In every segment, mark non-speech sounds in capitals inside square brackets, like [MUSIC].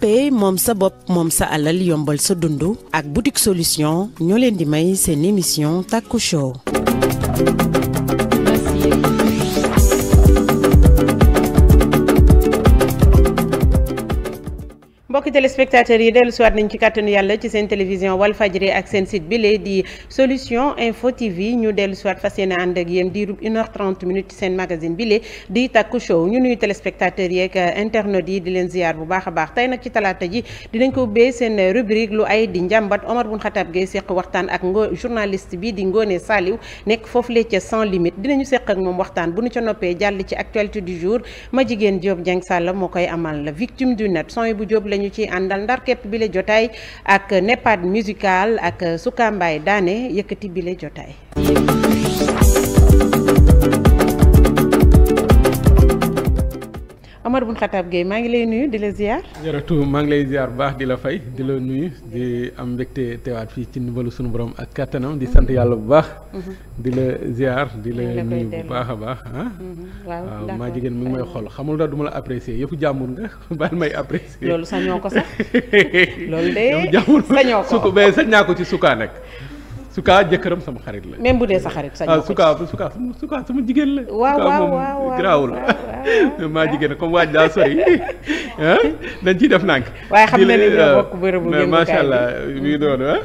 jàppee moom sa bopp moom sa alal yombal sa dund ak boutique solution ñoo leen di may seen émission Taku Show mbokki téléspectateurs yi dellu siwaat nañ ci kàttanu yàlla ci seen télévision Walfadjri ak seen site bi di solution info tv ñu dellu siwaat fas yéene ànd ak yéen diirub 1 minutes ci seen magazine bi lee di takku show ñu nuyu téléspectateurs yeeg euh, internautes yi di leen ziar bu baax a baax tey nag ci talaata ji dinañ ko ubbee seen rubrique lu ay di njàmbat Omar Bun Xataab Gay seq waxtaan ak ngo journaliste bi di Ngoone Saliw nekk foofu lee ca sans limite dinañu seq ak moom waxtaan bu ca noppee jàll ci actualité du jour ma jigéen Diop Dieng la victime du net ci àndal ndar képp bile jotaay ak nepad musical ak Soukambay Daane yëkkati bile jotaay Omar Bun Khatab Gueye maa ngi lay nuyu di la ziar. jërëjëf maa ngi lay ziar bu baax di la fay di la nuyu di am mbégte teewaat fii ci ndimbalu sunu boroom ak kàttanam di sant yàlla bu baax. Mhm. di la ziar di la nuyu bu baax a baax ah. Mhm, waaw maa jigéen mi ngi may xool xamul daal du ma la apprécier yëfu jàmbur nga [LAUGHS] baal may apprécier. loolu sañoo ko sax [LAUGHS] loolu de. sañoo ko su ko mais sañ naa ci sukaa sukaa jëkkëram sama xarit la. même bu dee sa xarit sañ. ah sukaa sukaa sukaa sama jigéen la. waaw waaw waaw garaaw maa jigéen comme waaj daa sori ah dañ ciy def nànk. waaye xam na ni ñoo allah mi ngi doon ah.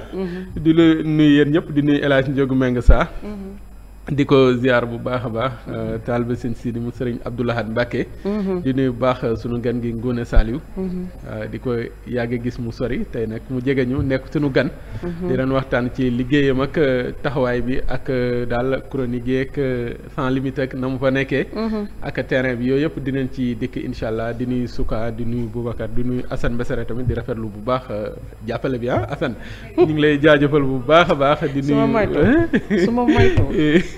di la nuyu yéen ñëpp di nuyu El Hadj Ndiogou saa di ko ziar bu baax a baax euh, taalibe seen sidi mu sëriñ Abdoulahad Mbacke mm-hmm. di nuyu bu baax euh, sunu gan gi Ngone Saliou mm-hmm. euh, di ko yàgg gis mu sori tey nag mu jege ñu nekk sunu gan mm-hmm. di leen waxtaan ci liggéeyam ak taxawaay bi ak daal chronique yeeg sans limite ak na mu fa nekkee ak terrain bi yooyu yëpp dinañ ci dikk incha allah di nuyu Souka di nuyu Boubacar di nuyu Assane Besere tamit di rafetlu bu baax jàppale bi ah Assane [LAUGHS] ñu lay jaajëfal bu baax a baax di nuyu su ma moytu [LAUGHS]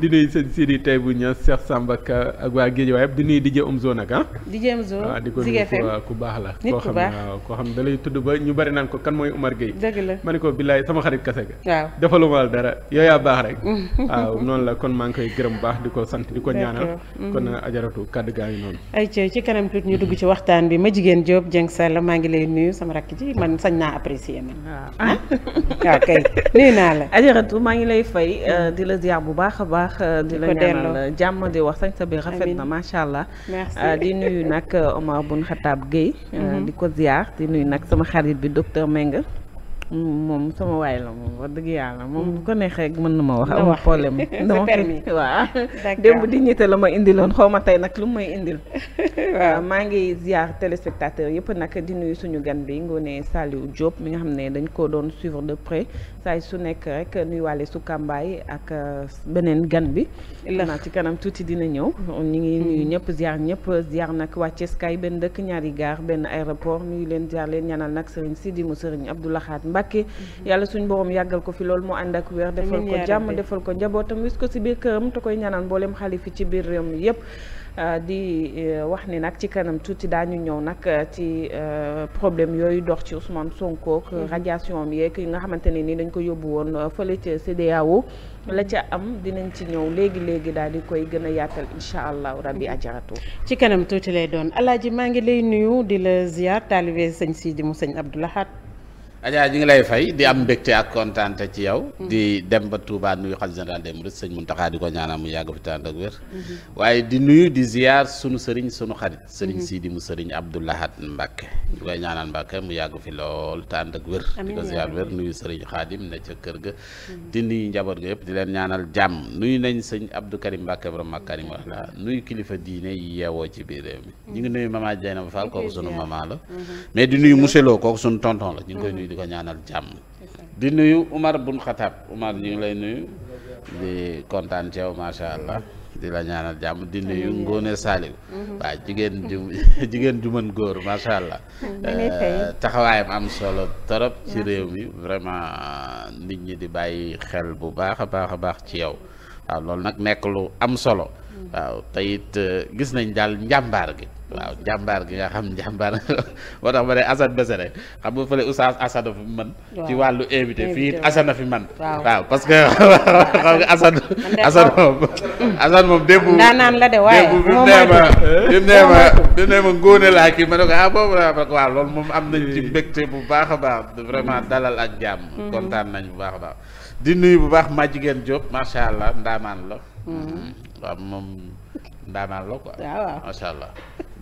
di nuyu sëñ Sidi tey bu ña Cheikh Samba ak ak waa Géej waaye di nuyu DJ Omzo nag ah. DJ Omzo waaw di ko nuyu ku baax la. nit ku baax waaw koo xam ne da lay tudd ba ñu bari naan ko kan mooy Omar Gueye. ma ne ko billaay sama xarit kase ga. waaw defaluma dara yow baax rek. Mm. waaw noonu la kon maa ngi koy gërëm baax di ko sant di ko ñaanal. Mm. kon ajaratu kàddu gaa ngi noonu. ay ci ci kanam tuuti ñu dugg ci waxtaan bi ma jigéen Diop Dieng Sall maa ngi lay nuyu sama rakk ji man sañ naa apprécier man. waaw ah? [LAUGHS] kay nuyu naa la. ajaratu maa bu baax a baax di la ñaanal jàmm di wax sañ sa bi rafet na macha allah ah, di nuyu nag Omar Bun Khattab Gueye mhm. ah, di ko ziar di nuyu nag sama xarit bi docteur Meng moom sama waay la moom wax dëgg moom bu mm. ko neexee rek mën na ma wax amul problème [LAUGHS] dama permis [LAUGHS] waaw démb dignité la ma indiloon xaw ma tey nag lu may indil [LAUGHS] waaw maa ngi ziar téléspectateur yëpp nag di nuyu suñu gan bi Ngoné Saliou Diop mi nga xam ne dañ ko doon suivre de près saa su nekk rek nuyuwaale su Kambaay ak euh, beneen gan bi naa ci kanam tuuti dina ñëw ñu ngi mm. nuyu ñëpp ziar ñëpp ziar nag waa Thiès kaay benn dëkk ñaari gaar benn aéroport nuyu leen ziar leen ñaanal nag Serigne Sidi mu Serigne Abdou Lahat Mbacké ki mhm. yàlla suñ borom yàggal ko fi loolu mu ànd ak wér defal ko jàmm defal ko njabootam wis ko si biir këram te koy ñaanal mboolem xalifi ci biir réew mi yépp ah, di eh, wax ni nag ci kanam tuuti daa ñu ñëw nag eh, ci eh, problème yooyu dox ci Ousmane Sonko mhm. radiation am yeeg nga xamante ne ni dañ ko yóbbu woon fële ca CEDEAO mhm. la ca am dinañ ci ñëw léegi léegi daal di koy gën a yaatal incha allahu rabbi ajaratu ci kanam tuuti lay doon alaaji maa ngi lay nuyu di la ziar taalibe sëñ Sidi sëñ Adja ñu ngi lay fay di am mbégte ak kontaante ci yaw di dem ba Touba nuyu xalifa dem des mourides sëñ Mountakha di ko ñaanal mu yàgg fi tànn ak wér. Mm-hmm. waaye di nuyu di ziar sunu sëriñ sunu xarit. sëriñ mm-hmm. Sidi mu sëriñ Abdoul Ahad Mbacke. ñu koy ñaanal Mbacke mu yàgg fi lool tànn ak wér. di ko ziar wér nuyu sëriñ Xaadim ne ca kër ga. Mm-hmm. di nuyu njaboot ga yëpp di leen ñaanal jàmm nuyu nañ sëñ Abdou Karim Mbacke borom Makaarim wax la nuyu kilifa diine yeewoo ci biir réew mi. ñu ngi nuyu maman Dieynaba Fall kooku sunu maman mais di nuyu monsieur kooku sunu tonton la ñu ngi koy nuyu di ko ñaanal jàmm di nuyu Umar bun Xataab Umar ñu lay nuyu di kontaan ci yow macha allah di la ñaanal jàmm di nuyu Ngone Saliou mhm. waaw jigéen ju [LAUGHS] jigéen ju mën góor macha allah [LAUGHS] euh, taxawaayam am solo torop ci réew mi vraiment nit ñi di bàyyi xel bu baax a baax a baax ci yow waaw loolu nag nekk lu am solo mhm. waaw te euh, gis nañ daal njàmbaar gi waaw jàmbaar gi nga xam jàmbaar [LAUGHS] moo tax ma ne Assane Besere xam nga fële Oustaz Assane a fi man ci wàllu invité fii Assane a fi man waaw parce que [LAUGHS] xam nga Assane [LAUGHS] moom Assane de mu nee ma bi laa kii ma ko ah boobu laa ko waaw loolu moom am nañ ci mbégte bu baax a baax vraiment mm. dalal ak jàmm mm-hmm. kontaan nañ bu baax a baax di nuyu bu baax ma jigéen Diop macha allah ndaamaan la mm-hmm. Mm-hmm. waaw moom ndaamaan la quoi allah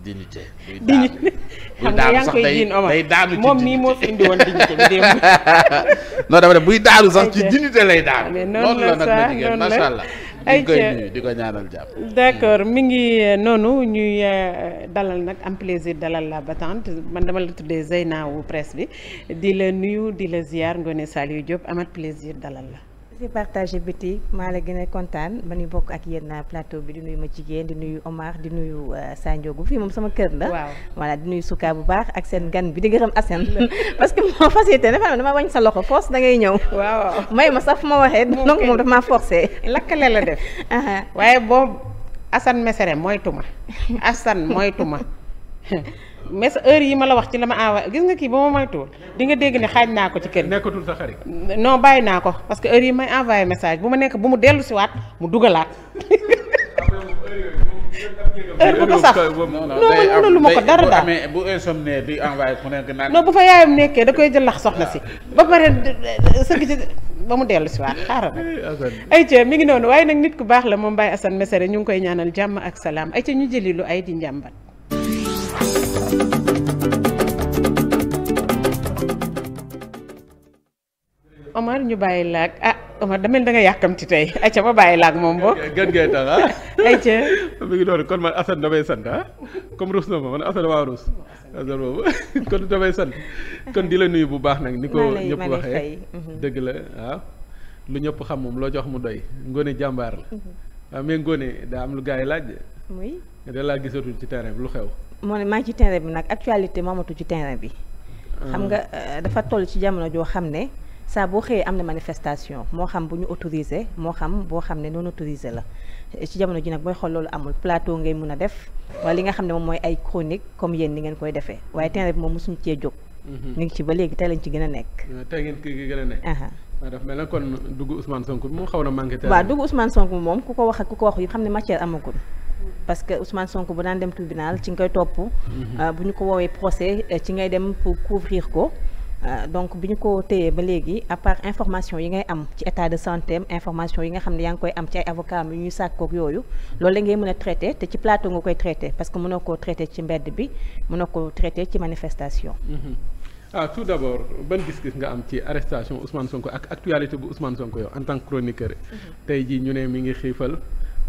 dignité dignité [LAUGHS] xam nga yaa ngi koy jiin Omar moom mii moo fi indi woon dignité démb [LAUGHS] non dama ne buy daanu sax ci dignité lay daanu ah, noonu la di ko ñaanal jàpp d'accord mi ngi euh, noonu ñuy euh, dalal nag am plaisir dalal la batant man dama la tuddee Zeyna wu presse bi di la nuyu di la ziar Ngoné Saliou Diop amat plaisir dalal la fi partagé biti maa la gën a kontaan ba ñu bokk ak yéen plateau bi di nuy ma jigéen di nuyu Omar di nuyu euh, Sandiogu fii moom sama kër la. waaw voilà di nuyu Souka bu baax ak seen gan bi di gërëm Assane. [LAUGHS] parce que moo facilité dafa am dama wàññi sa loxo force da ngay ñëw. waaw may ma sax fu ma waxee. donc moom dafa maa forcé. lakkale la def. [LAUGHS] Uh-huh. waaye boobu Assane Mesere moytu ma [LAUGHS] Assane moytu ma mais heure yi ma la wax ci la ma envoyé gis nga kii ba ma moytuwul di nga dégg ne xaaj naa ko ci kër gi. nekkatul sa xarit. non bàyyi naa ko parce que yi may envoyé message bu ma nekk bu mu dellu si waat mu dugalaat. [LAUGHS] heure bu ma ko dara daal bu insomnie di envoyé ku nekk naan. non bu fa yaayam nekkee da koy jël lax soxna si ba pare sëgg ci ba mu dellu si waat xaaral rek. Eh, ayca mi ngi noonu waaye nag nit ku baax la moom Baye Assane Mesere ñu ngi koy ñaanal jàmm ak salaam ayca ñu jëli lu ay di njàmbat. Omar ñu bàyyi laag ah Omar da mel da nga yàkkamti tey ayca ma bàyyi laag moom bo gën ngay tax ah. [LAUGHS] ayca mi ngi doon kon man Assane damay sant ah comme ruus na ma man Assane waa ruus. Assane boobu [LAUGHS] kon damay sant kon di la nuyu bu baax nag. ni ko ñëpp waxee mhm. dëgg la waaw. Ah. lu ñëpp xam moom loo jox mu doy Ngone jàmbaar la. waaw mhm. ah, mais Ngone daa am lu gars laaj. muy da laa gisatu ci terrain lu xew. moo ne maa ci terrain bi nag actualité moomatu ci terrain bi. xam nga ah. euh, dafa toll ci jamono joo xam ne saa boo xëyee am na manifestation moo xam bu ñu autorisé moo xam boo xam ne non autorisé la ci jamono ji nag booy xool loolu amul plateau ngay mun a def wala li nga xam ne mooy ay chronique comme yéen ni ngeen koy defee waaye terrain bi moom cee jóg. ñu mhm. ngi ci ba léegi tey lañ ci gën a nekk. Ah, tey ah, dugg Ousmane Sonko moom xaw na manqué. waaw dugg Ousmane moom ku ko wax ak ku ko wax yëpp xam ne matière amagul. parce que Ousmane Sonko bu daan dem tribunal ci nga koy topp. Mhm. Euh, bu ñu ko woowee procès euh, ci ngay dem pour couvrir ko. Euh, donc bi ñu ko téyee ba léegi à information yi ngay am ci état de santé am information yi nga xam ne yaa ngi koy am ci ay avocat yu ñuy sàkkoog yooyu loolu la ngay mën a traité te ci plateau nga koy traité parce que mënoo koo traité ci mbedd bi mënoo koo traité ci manifestation. Mhm. ah tout d' abord ban nga am ci arrestation Ousmane son ak actualité bu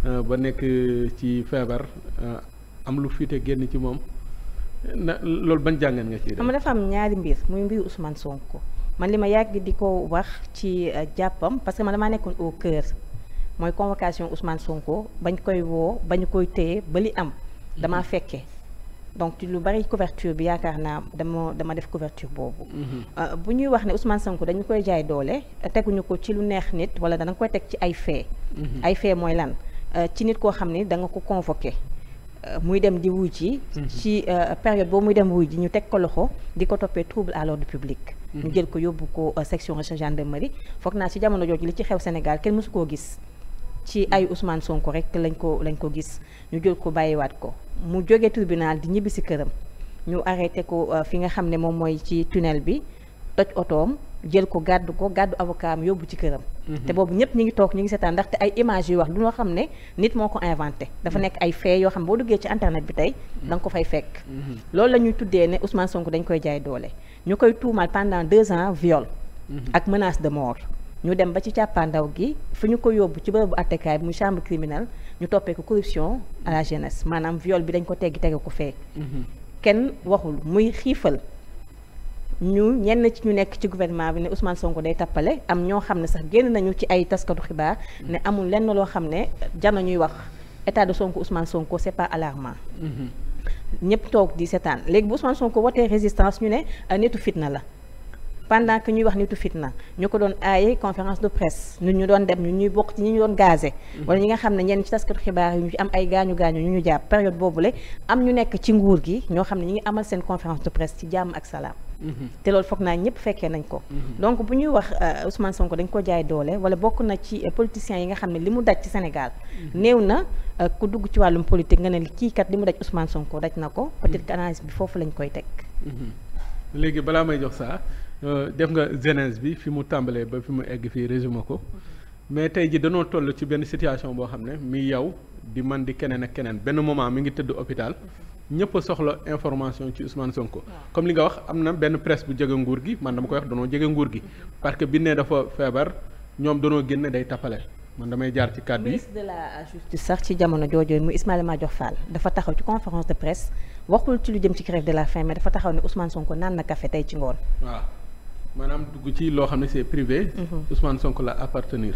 Euh, ba nekk ci feebar euh, am lu fiite génn ci moom loolu ban jàngat nga ci. xam nga dafa am ñaari mbir muy mbiru Ousmane Sonko man li ma yàgg di ko wax ci euh, jàppam parce que man damaa nekkoon au cœur mooy convocation Ousmane Sonko bañ koy woo bañ koy téye ba li am dama mhm. fekke donc lu bari couverture bi yaakaar naa dama dama def couverture boobu. Mhm. bu ñuy wax ne usman Sonko dañu koy jaay doole teguñu ko ci lu neex nit wala dana koy teg ci ay fee. Mhm. ay fee mooy lan. Euh, ci nit koo xam ne da nga ko convoqué euh, muy dem di wuy ji mhm. ci euh, période boobu muy dem wuy ji ñu teg ko loxo di ko toppee trouble à l'ordre publique mhm. ñu jël ko yóbbu ko section recherche gendarmerie foog naa ci jamono jooju li ci xew Sénégal kenn mësu koo gis ci ay Ousmane Sonko rek lañ ko lañ ko gis ñu jël ko bàyyiwaat ko mu jógee tribunal di ñibbi si këram ñu arrêté ko fi nga xam ne moom mooy ci tunnel bi toj otoom jël ko gàddu ko gàddu avocat am yóbbu ci këram. Mhm. te boobu ñëpp ñu ngi toog ñu ngi seetaan ndaxte ay images yu wax du loo xam ne nit moo ko inventé. dafa mhm. nekk ay faits yoo xam boo duggee ci internet bi tey. Mhm. danga ko fay fekk. loolu la ñuy tuddee ne Ousmane Sonko dañ koy jaay doole ñu koy tuumal pendant deux ans viol. ak menace de mort. ñu dem ba ci càppaandaw gi fi ñu ko yóbbu ci bërëbu attekaay bi muy chambre criminelle ñu toppee ko corruption à la maanaam viol bi dañ ko teggi tege ko fee. kenn waxul muy xiifal. ñu ñenn ci ñu nekk ci gouvernement bi ne usman Sonko day tappale am ñoo xam ne sax génn nañu ci ay taskatu xibaar mm-hmm. ne amul lenn loo xam ne jar na ñuy wax état de Sonko usman Sonko c'est pas alarmant mm-hmm. ñëpp toog di seetaan léegi bu Ousmane Sonko wootee résistance ñu ne euh, nitu fitna la pendant que ñuy wax nitu fitna ñu ko doon aaye conférence de presse ñu ñu doon dem ñu ñuy bokk ci ñi ñu doon gazé. Mm-hmm. wala ñi nga xam ne ñenn ci taskatu xibaar yi ñu am ay gaañu gaañu ñu ñu jàpp période boobule am ñu nekk ci nguur gi ñoo xam ne ñu ngi amal seen conférence de ci jàmm ak salaam. te loolu foog naa ñëpp fekkee nañ ko mhm. donc bu ñuy wax euh, Ousmane Sonko dañ ko jaay doole wala bokk na ci euh, politiciens yi nga xam ne li mu daj ci Sénégal mhm. néew na euh, ku dugg ci wàllum politique nga ne kii kat li mu daj Ousmane Sonko daj na ko mhm. peut-être bi foofu lañ koy teg léegi balaa may jox saa def nga genèse bi fi mu tàmbalee ba fi mu egg fii résumé ko mais tey ji danoo toll ci benn situation boo xam ne mi yow di man di keneen ak keneen benn moment mi ngi tëdd hôpital ñëpp a soxla information ci Ousmane Sonko. comme li nga wax am na benn presse bu jege nguur gi man dama koy wax danoo jege nguur gi. parce que bi ne dafa feebar ñoom danoo génn day tappale man damay jaar ci kàddu yi ministre sax ci jamono jooju mu Ismaïla Madior Fall dafa taxaw ci conférence de presse waxul ci lu jëm ci grève de la faim mais dafa taxaw ne Ousmane Sonko naan na café tey ci ngoon. waaw maanaam dugg ci loo xam ne c'est privé. Mhm. Ousmane Sonko la appartenir.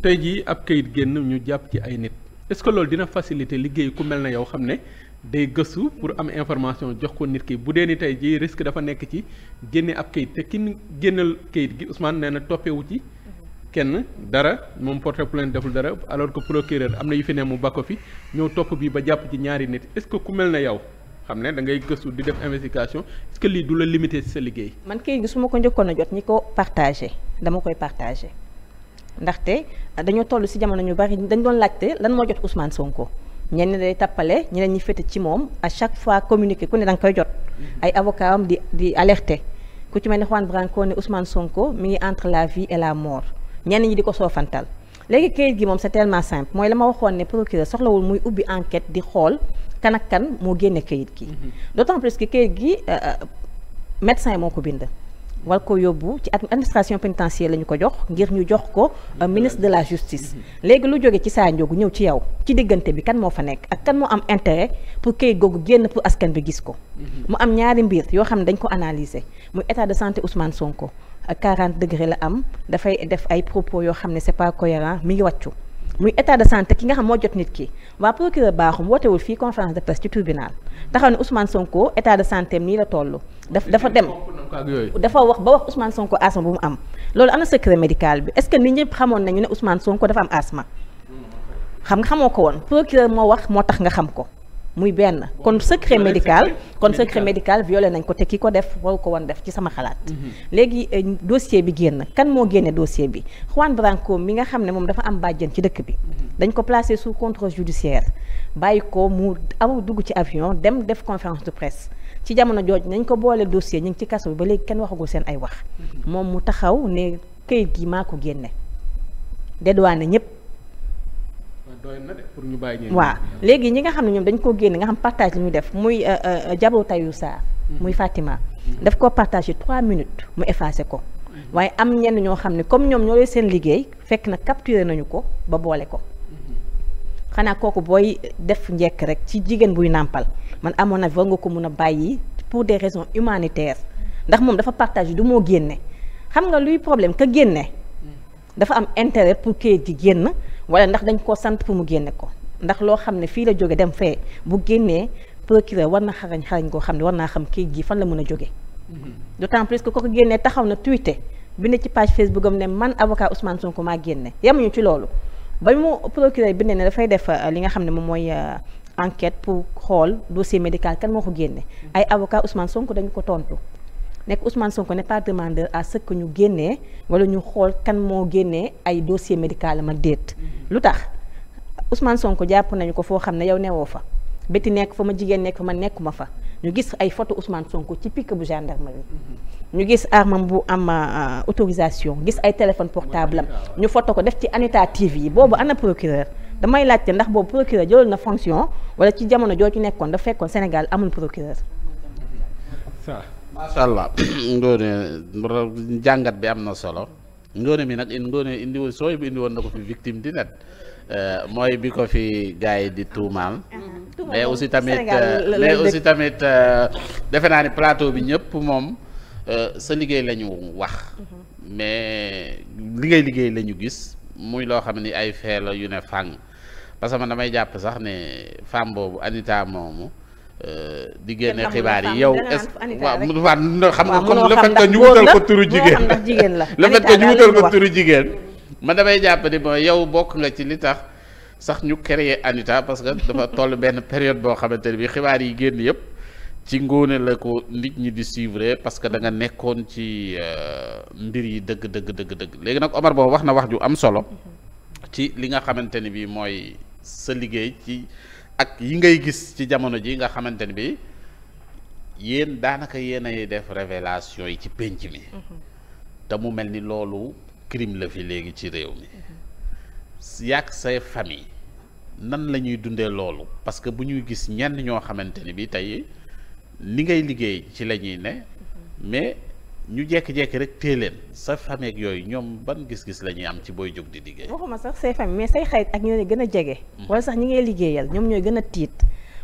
tey jii ab kayit génn ñu jàpp ci ay nit est que loolu dina faciliter liggéey ku na yow xam ne. day gëstu pour am information jox ko nit kii bu dee ni tey jii risque dafa nekk ci génne ab kayit te ki génnal kayit gi Ousmane nee na toppewu ci kenn dara moom porté plainte deful dara alors que procureur am na yu fi ne mu bakko fi ñëw topp bi ba jàpp ci ñaari nit est-ce que ku mel na yow xam ne da ngay gëstu di def investigation est lii du la limité ci sa liggéey. man kayit gi su ma ko njëkkoon a jot ñi ko partagé dama koy partagé ndaxte dañoo toll si jamono ñu bari dañ doon laajte lan moo jot Ousmane Sonko. ñenn ñi day tappale ñeneen ñi féete ci moom à chaque fois communiqué ku ne danga koy jot. Mm-hmm. ay avocat am di di alerté ku ci mel ne Juan Branco ne Ousmane Sonko mi ngi entre la vie et la mort ñenn ñi di ko soofantal. léegi kayit gi moom c'est tellement simple mooy la ma waxoon ne procureur soxlawul muy ubbi enquête di xool kan kan moo génne kayit gi. Mm-hmm. d'autant plus que kayit gi euh, euh, médecin moo ko bind. war ko yóbbu ci administration pénitentiaire la ñu ko jox ngir ñu jox ko euh, ministre de la justice mm-hmm. léegi lu jóge ci saa njóogu ñëw ci yow ci diggante bi kan moo fa nekk ak kan moo am intérêt pour kayit googu génn pour askan bi gis ko mm-hmm. mu am ñaari mbir yoo xam ne dañ ko analyser muy état de santé Ousmane Sonko 40 degré la am dafay def ay propos yoo xam ne c'est pas cohérent mi ngi wàccu muy état de santé ki nga xam moo jot nit ki waa procureur baaxum wootewul fii conférence de presse ci tribunal taxaw ne Ousmane Sonko état de santé nii la toll. daf dafa dem dafa wax ba wax Ousmane Sonko asma bu mu am. loolu am na secret médical bi est-ce que nit ñëpp xamoon nañu ne Ousmane Sonko dafa am asma xam nga xamoo ko woon procureur moo wax moo tax nga xam ko. muy benn kon secret médical kon secret médical violé nañ ko te ki ko def waru ko woon def ci sama xalaat mhm. léegi euh, dossier bi génn kan moo génne dossier bi Juan Branco mi nga xam ne moom dafa am bàjjen ci dëkk bi mhm. dañ ko placé sous contrôle judiciaire bàyyi ko mu aw dugg ci avion dem def conférence de presse ci jamono jooj nañ ko boole dossier ñu ngi ci kaso bi ba léegi kenn waxagul seen ay wax mhm. moom mu taxaw ne këyit gi maa ko génne dédouané ñëpp doy waaw léegi ñi nga xam ne ñoom dañ koo génne nga xam partage li ñu def muy euh, euh, Jabo Tayou Sarr mhm. muy Fatima mhm. daf koo partagé trois minutes mu effacé ko mhm. waaye am ñenn ñoo xam ne comme ñoom ñoo leen seen liggéey fekk na capturé nañu ko ba boole ko xanaa kooku booy def njekk rek ci jigéen buy nàmpal man amoon na war nga ko mun a bàyyi pour des raisons humanitaires ndax moom dafa partagé du moo génne xam nga luy problème ka génne dafa am intérêt pour kayit di wala ndax dañ koo sant pour mu génne ko ndax loo xam ne fii la jóge dem fee bu génnee procureur war na xarañ xarañ koo xam ne war naa xam kii ji fan la mën a jóge mm-hmm. d'autant plus que ko ko génnee taxaw na tweeté bi ne ci page Facebook am ne man avocat Ousmane ko maa génne yemuñu ci loolu ba mu procureur bi ne ne dafay def euh, li nga xam ne moom mooy euh, enquête pour xool dossier médical kan moo ko génne mm-hmm. ay avocat Ousmane Sonko dañu ko tontu nekk Ousmane Sonko n'est pas demandeur à ce que ñu génnee wala ñu xool kan moo génnee ay dossier médical am déet mm-hmm. lu tax Ousmane Sonko jàpp nañu ko foo xam ne yow newoo fa béti nekk fa ma jigéen nekk fa ma nekkuma fa ñu gis ay photo Ousmane Sonko ci pique bu gendarmerie mm-hmm. ñu gis armam bu am euh, autorisation gis ay téléphone portable ñu photo ko def ci Anita yi boobu ana procureur damay laajte ndax boobu procureur jëloon na fonction wala ci jamono joo ci nekkoon dafa fekkoon Sénégal amul procureur macha allah ngoone jàngat bi am na solo ngoone mi nag ngoone indiwoon sooy bu woon na ko fi victime di net euh, mooy bi ko fi gars yi di tuumaal. mais aussi tamit euh, mais aussi tamit euh, defe naa ne plateau bi ñëpp moom sa liggéey la ñu wax. mais li ngay liggéey la ñu gis muy loo xam ni ay fee yu ne fàng parce que damay jàpp sax ne femme boobu Anita moomu. Euh, di génne xibaar yi yow est waaw mu waaw xam nga comme le fait que ñu wutal ko turu jigéen le fait que ñu wutal jigéen ma damay jàpp ni mooy yow bokk nga ci li tax sax ñu créer Anita parce que dafa toll benn période boo xamante ne bi xibaar yi génn yëpp ci ngóone la ko nit ñi di suivre parce que da nga nekkoon ci euh, mbir yi dëgg dëgg dëgg dëgg léegi nag Omar boobu wax na wax ju am solo ci li nga xamante bi mooy sa liggéey ci ak yi ngay gis ci jamono ji nga xamante ne bi yéen daanaka yéen ay def révélation yi ci pénc mi mm-hmm. te mu mel ni loolu crime la fi léegi ci réew mi mm-hmm. yàq say famille nan la ñuy dundee loolu parce que bu ñuy gis ñenn ñoo xamante ni bi tey ni ngay liggéey ci la ñuy ne mm-hmm. mais ñu jékki-jékki rek téye leen sa famille ak yooyu ñoom ban gis-gis la ñuy am ci booy jóg di liggéey. waxuma sax say famille mais say xarit ak ñu ne gën a jege. Mm. wala sax ñi ngay liggéeyal ñoom ñooy gën a tiit.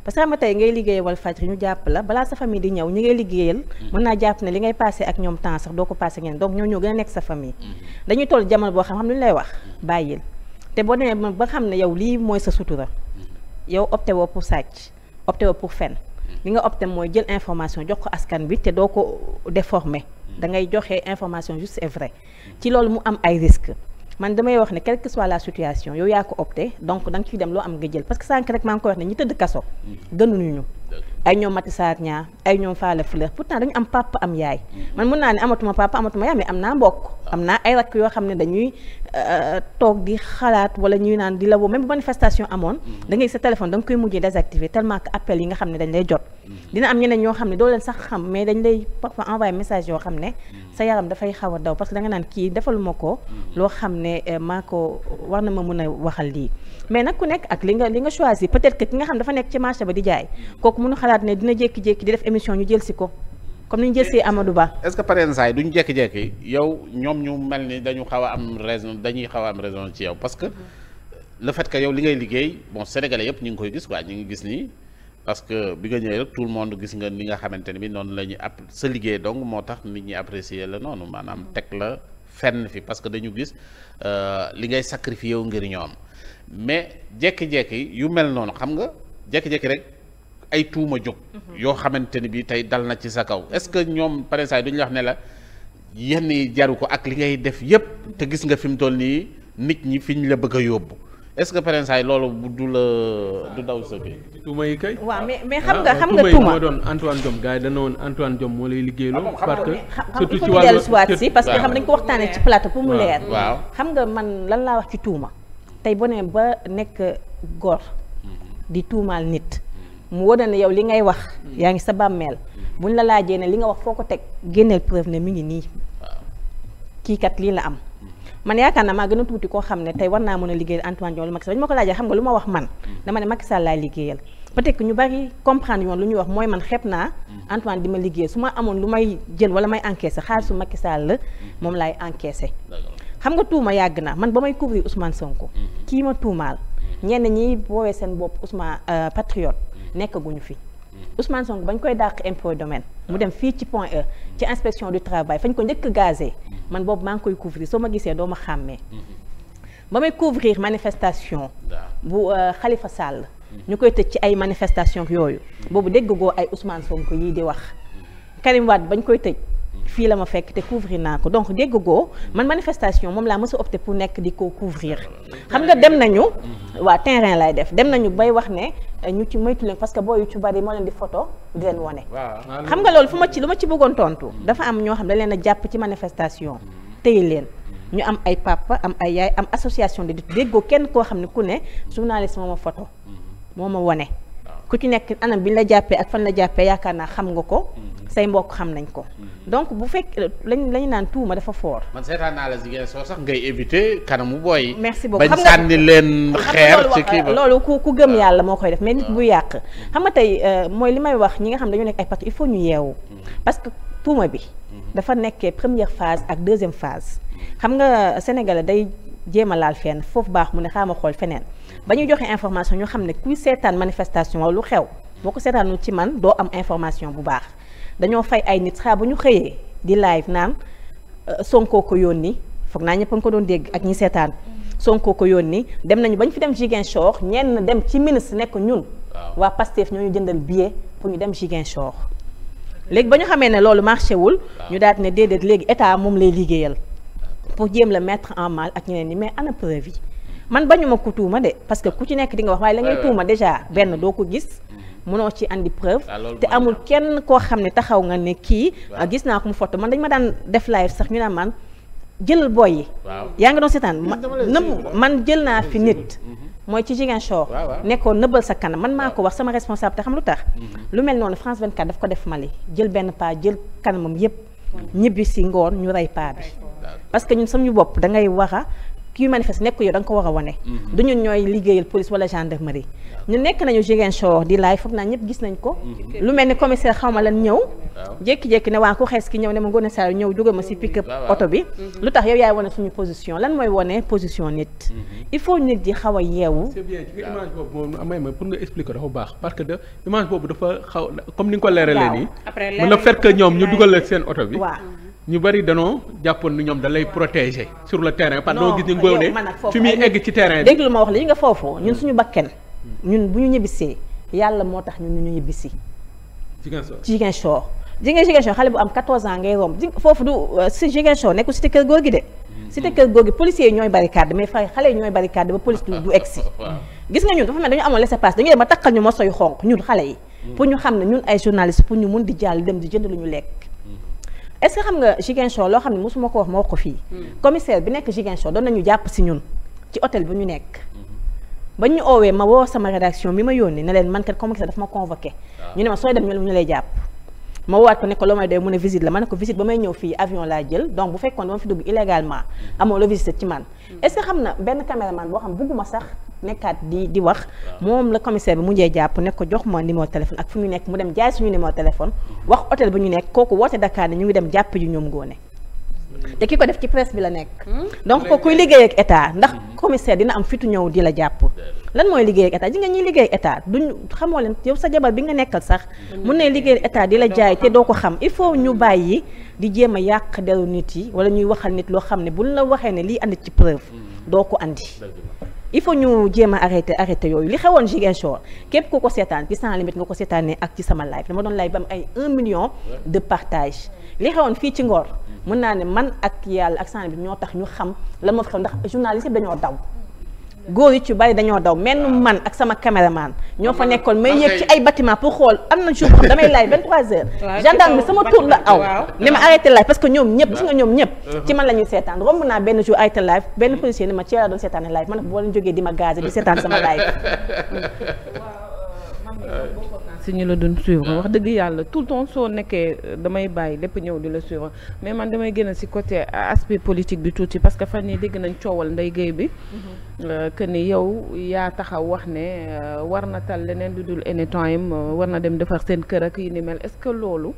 parce que xam tey ngay liggéey wal ñu jàpp la balaa sa famille di ñëw ñi ngay liggéeyal mm. mën naa jàpp ne li ngay passé ak ñoom temps sax doo ko passé ñeneen donc ñoo ñoo gën a nekk sa famille mm. dañuy toll jamono boo xam xam lu ñu lay wax bàyyil te boo demee ba xam ne yow lii mooy sa sutura yow opté woo pour sàcc opté woo pour fen li nga opté mooy jël information jox ko askan bi te doo ko déformer hmm. da ngay joxe information juste et vrai ci loolu mu am ay risques man damay wax ne quelle que soit la situation yow yaa ko opté donc da nga ciy dem loo am nga jël parce que sànq rek maa ngi koy wax ne ñi tëdd kaso hmm. gënuñu ñu ay ñoom Mati Sarr ñaa ay ñoom Falla Fleur pourtant dañu am papa am yaay hmm. man mun naa ne amatuma papa amatuma yaay mais am naa mbokk ah. am naa ay rakk yoo xam ne dañuy Euh, toog di xalaat wala ñuy naan di la woo même manifestation amoon mm-hmm. da ngay sa téléphone da nga koy mujjee désactiver tellement que appel yi nga xam ne dañ lay jot mm-hmm. dina am ñeneen ñoo xam ne doo leen sax xam mais dañ lay parfois envoyé message yoo xam ne mm-hmm. sa yaram dafay xaw a daw parce que da nga naan kii defaluma ko loo xam ne euh, maa ko war na ma mën a waxal lii mais nag ku nekk ak li nga li nga choisir peut ki nga xam dafa nekk ci marché ba di jaay kooku mënu ne dina jékki-jékki di def jël si ko comme ni ñu jëstee Amadou Ba. est-ce que parrainage duñ jékki-jékki yow ñoom ñu mel ni dañu xaw a am raison dañuy xaw a am raison ci yow parce que le fait que yow li ngay liggéey bon sénégalais yëpp ñu ngi koy gis quoi ñu ngi gis nii parce que bi nga ñëwee rek tout le monde gis nga ni nga xamante ne bi noonu la ñuy app sa liggéey donc moo tax nit ñi apprécier la noonu maanaam teg la fenn fi parce que dañu gis euh, li ngay sacrifier wu ngir ñoom mais jékki-jékki yu mel noonu xam nga jékki rek. ay tuuma jóg. Mhm. yoo xamante ni bii tey dal na ci sa kaw est-ce que ñoom par exemple duñu wax ne la yenn yi jaru ko ak li ngay def yëpp te gis nga fi mu toll nii nit ñi fi ñu la bëgg a yóbbu. est-ce que parents yi loolu du la du daw sa bi tuuma yi kay. waaw mais mais xam ah, xam nga tuuma moo doon Antoine Diome gars yi dana woon Antoine Diome moo lay liggéeyloo. Ah parce que surtout ci wàllu si parce que xam nañ ko waxtaanee ci plateau pour mu leer. nga man lan laa wax ci tuuma. tey boo nee ba nekk góor. Mhm. di tuumaal nit. mu wane ne yow li ngay wax yaa ngi sa bàmmeel bu ñu la laajee ne li nga wax foo ko teg génneel preuve ne mi ngi nii kii kat lii la am man yaakaar naa maa gën a tuuti koo xam ne tey war naa mën a liggéey Antoine Diome Macky Sall ba ñu ma ko xam nga lu ma wax man dama ne Macky Sall laay liggéeyal peut-être que ñu bari comprendre yoon lu ñuy wax mooy man xeeb naa Antoine di ma liggéey su ma amoon lu may jël wala may encaissé xaalisu Macky Sall la moom laay encaissé xam nga tuuma yàgg na man ba may couvrir Ousmane Sonko kii ma tuumaal ñenn ñi woowee seen bopp Ousmane euh, patriote nekkaguñu fi Ousmane Sonko bañ koy dàq impôt domaine mu dem fii ci point E ci inspection du travail fañ ko njëkk gazé man boobu maa ngi koy couvrir soo ma gisee doo ma xàmmee ba may couvrir manifestation bu xalifa euh, Sall ñu koy tëj ci ay manifestation yooyu boobu dégg goo ay Ousmane sonk yii di wax Karim Wade bañ koy tëj fii la ma fekk te couvrir naa ko donc dégg goo man manifestation moom laa mës a opté pour nekk di ko couvrir xam nga dem nañu waa terrain lay def dem nañu bay wax ne eh, ñu ci moytu leen parce que booyu ci bari moo leen di photo di leen wone xam nga loolu fu ma ci lu ma ci bëggoon tontu dafa am ñoo xam dañ leen a jàpp ci manifestation téye leen ñu am ay papa am ay yaay am association de déggoo kenn koo xam ne ku ne journaliste moo ma photo moo ma wone bu ci nekk anam bi ñu la jàppee ak fan la jàppee yaakaar naa xam nga ko. Mhm. say mbokk xam nañ ko. Mhm. donc bu fekk lañ lañu naan tuuma dafa foor man seetaan naa la jigéen soo sax ngay éviter kanamu booy. merci beaucoup bañ sànni leen xeer ci loolu ku gëm ah. yàlla moo koy def mais nit ah. bu yàq. xam nga tey euh, mooy li may wax ñi nga xam dañu nekk ay pàcc il faut ñu yeewu. Mhm. parce que tuuma bi. dafa nekkee première phase ak deuxième phase. xam nga sénégalais day jéem a laal fenn foofu baax mu ne xaama xool feneen. ba ñu joxe information ñu xam ne kuy seetaan manifestation lu xew boo ko seetaanul ci man doo am information bu baax dañoo fay ay nit xaa bu ñu xëyee di live naan euh, Sonko ko yónni foog naa ñëpp a ko doon dégg ak ñi seetaan Sonko ko yónni dem nañu ba ñu fi dem Ziguinchor ñenn dem ci ministre nekk ñun. waa Pastef ñoo ñu jëndal billet pour ñu dem Ziguinchor. léegi ba ñu xamee ne loolu marché wul. ñu daal di ne déedéet léegi état moom lay liggéeyal. pour jéem la en mal ak ñeneen ñi mais ana preuve man bañuma ko tuuma de parce que ku ci nekk di nga wax waaye la ngay tuuma déjà mm-hmm. benn doo ko gis. mënoo mm-hmm. ci andi preuve ah, te amul kenn koo xam ne taxaw nga ne kii ah, gis naa ko mu foto man dañ ma daan def live sax ñu naan man jëlal booy yi yaa nga doon seetaan nëbb man jël naa fi mm-hmm. nit mooy ci Ziguinchor ne ko nëbbal sa kanam man maa ko wax sama responsable te xam lu tax lu mel noonu France 24 daf ko def Mali jël benn paa jël kanamam yépp ñibbi si ngoon ñu rey paa que ñun bopp dangay waxa kiy manifeste nekk yow da nga ko war a wane mhm. du ñun ñooy liggéeyal police wala gendarmerie ñu nekk nañu Ziguinchor di laay foog naa ñëpp gis nañ ko mhm. lu mel ni commissaire xaw ma lan ñëw jekki jékki ne waa ku xees ki ñëw ne ma Ngoné Sarr ñëw dugal ma si pick up oto bi mhm. lu tax yow yaay wane suñu position lan mooy wane position nit il faut nit ji xaw a yeewu c'est bien ci nga image boobu pour nga expliquer dafa baax parce que de image boobu dafa xaw comme ni nga ko leeralee nii mën na faire que ñoom ñu dugal seen oto bi waaw ñu bari danoo jàppoon ni ñoom da lay protéger sur le terrain parce que gis ni ngóob ne muy egg ci terrain bi dégg lu ma wax li nga foofu ñun suñu ba bakken hmm. ñun bu ñu ñibbisee yàlla moo tax ñun ñu ñibbisi Ziguinchor Ziguinchor xale bu am 14 ans ngay romb foofu du euh, si Ziguinchor nekkul cité kër góor gi hmm. ñooy barricade mais fay ñooy barricade ba police du egsi [LAUGHS] gis nga ñun dafa mel dañu amoon laissez-passer takkal ñu mosoy xonq ñun xale yi hmm. pour ñu xam ne ñun ay journalistes pour ñu mun di jàll dem di jënd lu ñu lekk est-ce que xam nga Ziguinchor loo xam ne mosuma ko wax ma wax ko fii. Hmm. commissaire bi nekk Ziguinchor doon nañu jàpp si ñun ci hôtel bu ñu nekk. Hmm. ba ñu owee ma woo sama rédaction bi ma yónnee ne leen man kat commissaire daf ma convoqué. Ah. ñu ne ma sooy dem ñu lay jàpp. ma woowaat ko ne ko loo may doy mu ne visite la ma ne ko visite ba may ñëw fii avion laa jël donc bu fekkoon dama fi dugg illégalement amoo la visite ci man mm. est xam na benn caméraman boo xam bugguma sax nekkaat di di wax moom la commissaire bi mu njee jàpp ne jox ma numéro téléphone ak fu ñu nekk mu dem jaay suñu numéro téléphone wax hôtel ba ñu nekk kooku woote Dakar ne ñu ngi dem jàpp ji ñoom góone mm. te ki ko def ci presse bi la nekk mm. donc ko kuy liggéey ak état ndax commissaire dina am fitu ñëw di la jàpp lan mooy liggéey ak état ji nga ñuy liggéey état duñ xamoo leen yow sa jabar bi nga nekkal sax mun ne liggéey état di la jaay te doo ko xam il faut ñu bàyyi di jéem a yàq deru nit yi wala ñuy waxal nit loo xam ne buñ la waxee ne lii andi ci preuve mm. doo ko indi il faut ñu jéem a arrêté arrêté yooyu li xewoon Ziguinchor képp ku ko seetaan ci sans limite nga ko seetaanee ak ci sama live dama doon live ba am ay 1 million de partage li xewoon fii ci Ngor mën naa ne man ak yàlla ak sans ñoo tax ñu xam la ma fi ndax journaliste yëpp dañoo daw góor yi ci bari dañoo daw menn man ak sama caméraman ñoo fa nekkoon may yéeg ci ay batiment pour xool am na jour xam damay laaj [LAUGHS] 23h gendarme bi sama tour la aw ni ma arrêté live parce que ñoom ñëpp gis nga ñoom ñëpp uh-huh. ci man la ñuy seetaan romb naa benn jour arrêté live benn policier ni ma ci laa doon seetaane live man nag boo leen jógee di ma gazé di seetaan sama live [LAUGHS] si ñu la doon suivre wax dëgg yàlla tout le soo nekkee euh, damay bàyyi lépp ñëw di la suivre mais man damay génn si côté euh, aspect politique bi tuuti parce que fan yii dégg nañ coowal Ndeye Gueye bi. Mhm. Euh, que ni yow yaa taxaw wax ne war na tal leneen du dul anytime war na dem defar seen kër ak yi ni mel est-ce que loolu.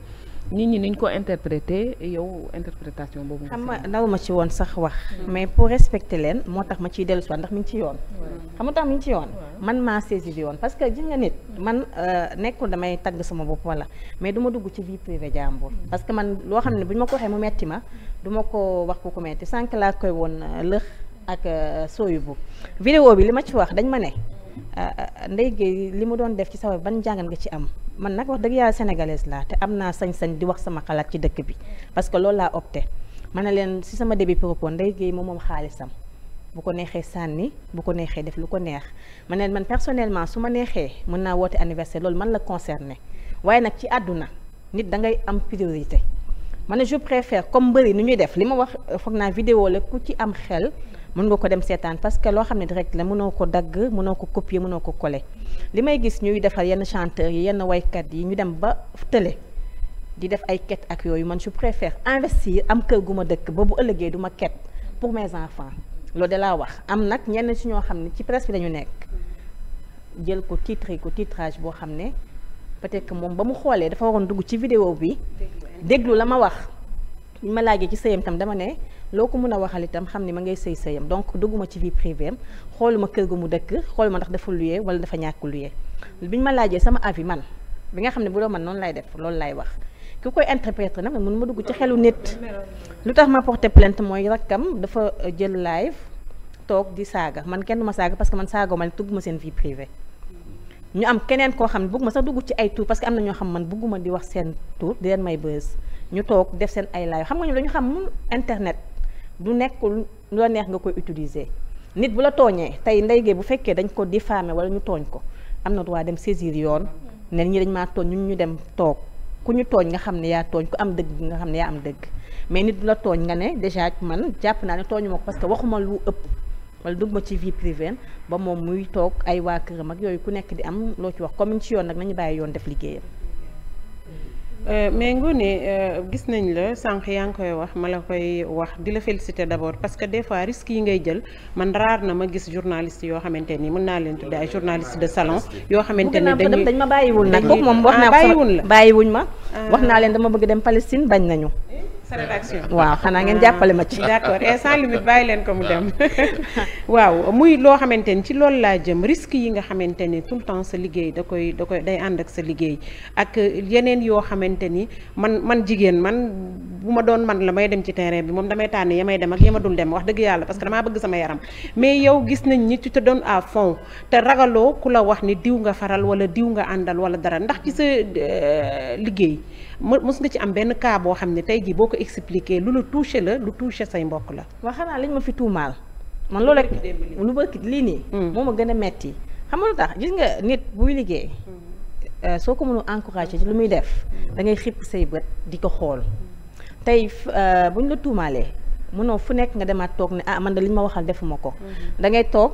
nit ñi niñ ko interpréter yow interprétation boobu. xam nga ndaw ma ci woon sax wax. Mm. mais pour respecter leen moo tax ma ciy dellu si waat ndax mi ngi ci yoon. xam nga tax mi ngi ci yoon. man maa saisi di yoon parce que nga nit. Mm. man euh, nekkul damay tagg sama bopp wala mais duma dugg ci vie privée jàmbur. Mm. parce que man loo xam ne bu ñu ma ko waxee mu metti ma du ko wax ku ko metti sànq laa koy woon euh, lëx ak euh, sooyu bu vidéo bi li ma ci wax dañ ma ne. Ndeye euh, Gueye li mu doon def ci sa ban jàngat nga ci am man nag wax dëgg yàlla sénégalaise laa te am naa sañ-sañ di wax sama xalaat ci dëkk bi parce que loolu laa opté ma ne leen si sama début propos Ndeye Gueye moom moom xaalisam bu ko neexee sànni bu ko neexee def lu ko neex ma ne man personnellement su ma neexee mën naa woote anniversaire loolu man la concerné waaye nag ci àdduna nit da ngay am priorité ma ne je comme mbëri nu ñuy def li ma wax foog naa vidéo la ku ci am xel mën nga ko dem seetaan parce que loo xam ne direct la mënoo ko dagg mënoo ko copier mënoo ko kole li may gis ñuy defal yenn chanteurs yi yenn waykat yi ñu dem ba tële di def ay quête ak yooyu man je préfère investir am kër gu ma dëkk ba bu ëllëgee du ma quête pour mes enfants loolu de laa wax am nag ñenn si ñoo xam ne ci presse bi nekk jël ko titré ko titrage boo xam ne peut-être moom ba mu xoolee dafa waroon dugg ci vidéo bi déglu la ma wax ma laajee ci sëyam tam dama ne loo ko mën a waxal itam xam ni ma ngay sëy sëyam donc dugguma ci vie privée am xooluma kër gu mu dëkk xooluma ndax dafa luyee wala dafa ñàkk luyee bi ñu ma laajee sama avis man bi nga xam ne bu man noonu lay def loolu lay wax ki koy interpréter nag mun ma dugg ci xelu nit lu tax ma porté plainte mooy rakkam dafa euh, jël live toog di saaga man kenn ma saaga parce que man saago ma tugguma seen vie privée ñu keneen koo xam ne bëgguma sax dugg ci ay tur parce que am na ñoo xam man bëgguma di wax seen tur di leen may bës ñu toog def seen ay live xam nga ñu dañu xam mu internet du nekkul lu la neex nga koy utiliser nit bu la tooñee tey ndeygee bu fekkee dañ ko diffamé wala ñu tooñ ko am na droit dem saisir yoon ne ñi dañ maa tooñ ñun ñu dem toog ku ñu tooñ nga xam ne yaa tooñ ku am dëgg nga xam ne yaa am dëgg mais nit bu la tooñ nga ne déjà man jàpp naa ne tooñu ko parce que waxuma lu ëpp wala dugg ma ci vie privée ba moom muy toog ay waa këram ak yooyu ku nekk di am loo ci wax comme ci yoon nag nañu bàyyi yoon def liggéeyam Euh, mais Ngoné euh, gis nañ la sanq yaa ngi koy wax ma la koy wax di la féliciter d'abord parce que des fois risques yi ngay jël man raar na ma gis journaliste yoo xamante ni mën naa leen tudde ay journaliste de salon yoo xamante ni dañuy dañ ma bàyyiwul nag kooku moom wax naa ah, bàyyiwuñ la bàyyiwuñ ma ah. wax naa leen dama bëgg dem Palestine bañ nañu sa rédaction waaw xanaa ngeen jàppale ma ci. d'accord et sans limite bàyyi leen ko mu dem. [LAUGHS] waaw muy loo xamante ni ci loolu laa jëm risque yi nga xamante ni tout le temps sa liggéey da koy day ànd ak sa liggéey ak euh, yeneen yoo xamante ni man man jigéen man bu ma doon man la may dem ci terrain bi moom damay tànn ya may dem ak ya dul dem wax dëgg yàlla parce que damaa bëgg sama yaram mais yow gis nañ ni tu te doon à fond te ragaloo ku la wax ni diw nga faral wala diw nga àndal wala dara ndax ci sa euh, liggéey. mës nga ci am benn kaa boo xam ne tey jii boo ko expliqué lu la touché la lu touché say mbokk la. waaw xanaa liñ ma fi tuumaal. man loolu rek lu bëgg lii nii. Mm. moo ma gën a metti xam tax gis nga nit buy liggéey. Mm. Euh, soo ko mënul encouragé ci lu muy def mm. dangay ngay xipp say bët di ko xool tey euh, bu ñu la tuumaalee mënoo fu nekk nga demaat toog ne ah man da li ñu ma waxal defuma ko. Mm-hmm. da ngay toog.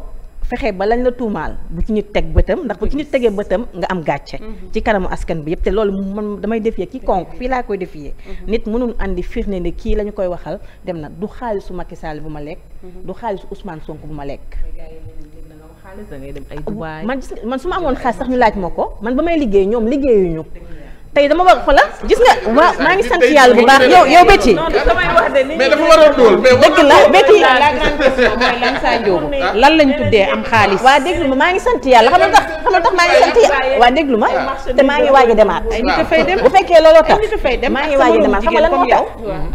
fexe ba lañ la tuumaal bu ci nit teg bëtam ndax bu ci nit tegee bëtam nga am gàcce mm-hmm. ci kanamu askan bi yëpp te loolu man damay defee ki konk fii laa koy defee mm-hmm. nit mënul andi firne ni kii la ñu koy waxal dem na du xaalisu Macky Sall bu ma lekk mm-hmm. du xaalisu Ousmane sonk bu ma lekk man gis man su ma amoon xaalis sax ñu laaj ma ko man ba may liggéey ñoom liggéeyuñu tey dama war xoolal gis nga waaw maa ngi sant yàlla bu baax yow yow Betty. mais dafa dëgg la Betty la grande question mooy lan saa njóobu ah. lan lañ tuddee am xaalis. waa déglu ma maa ngi sant yàlla xam nga tax xam nga tax maa ngi sant yàlla waa déglu ma te maa ngi waaj demaat. bu fekkee looloo tax maa ngi waaj a demaat xam nga lan moo tax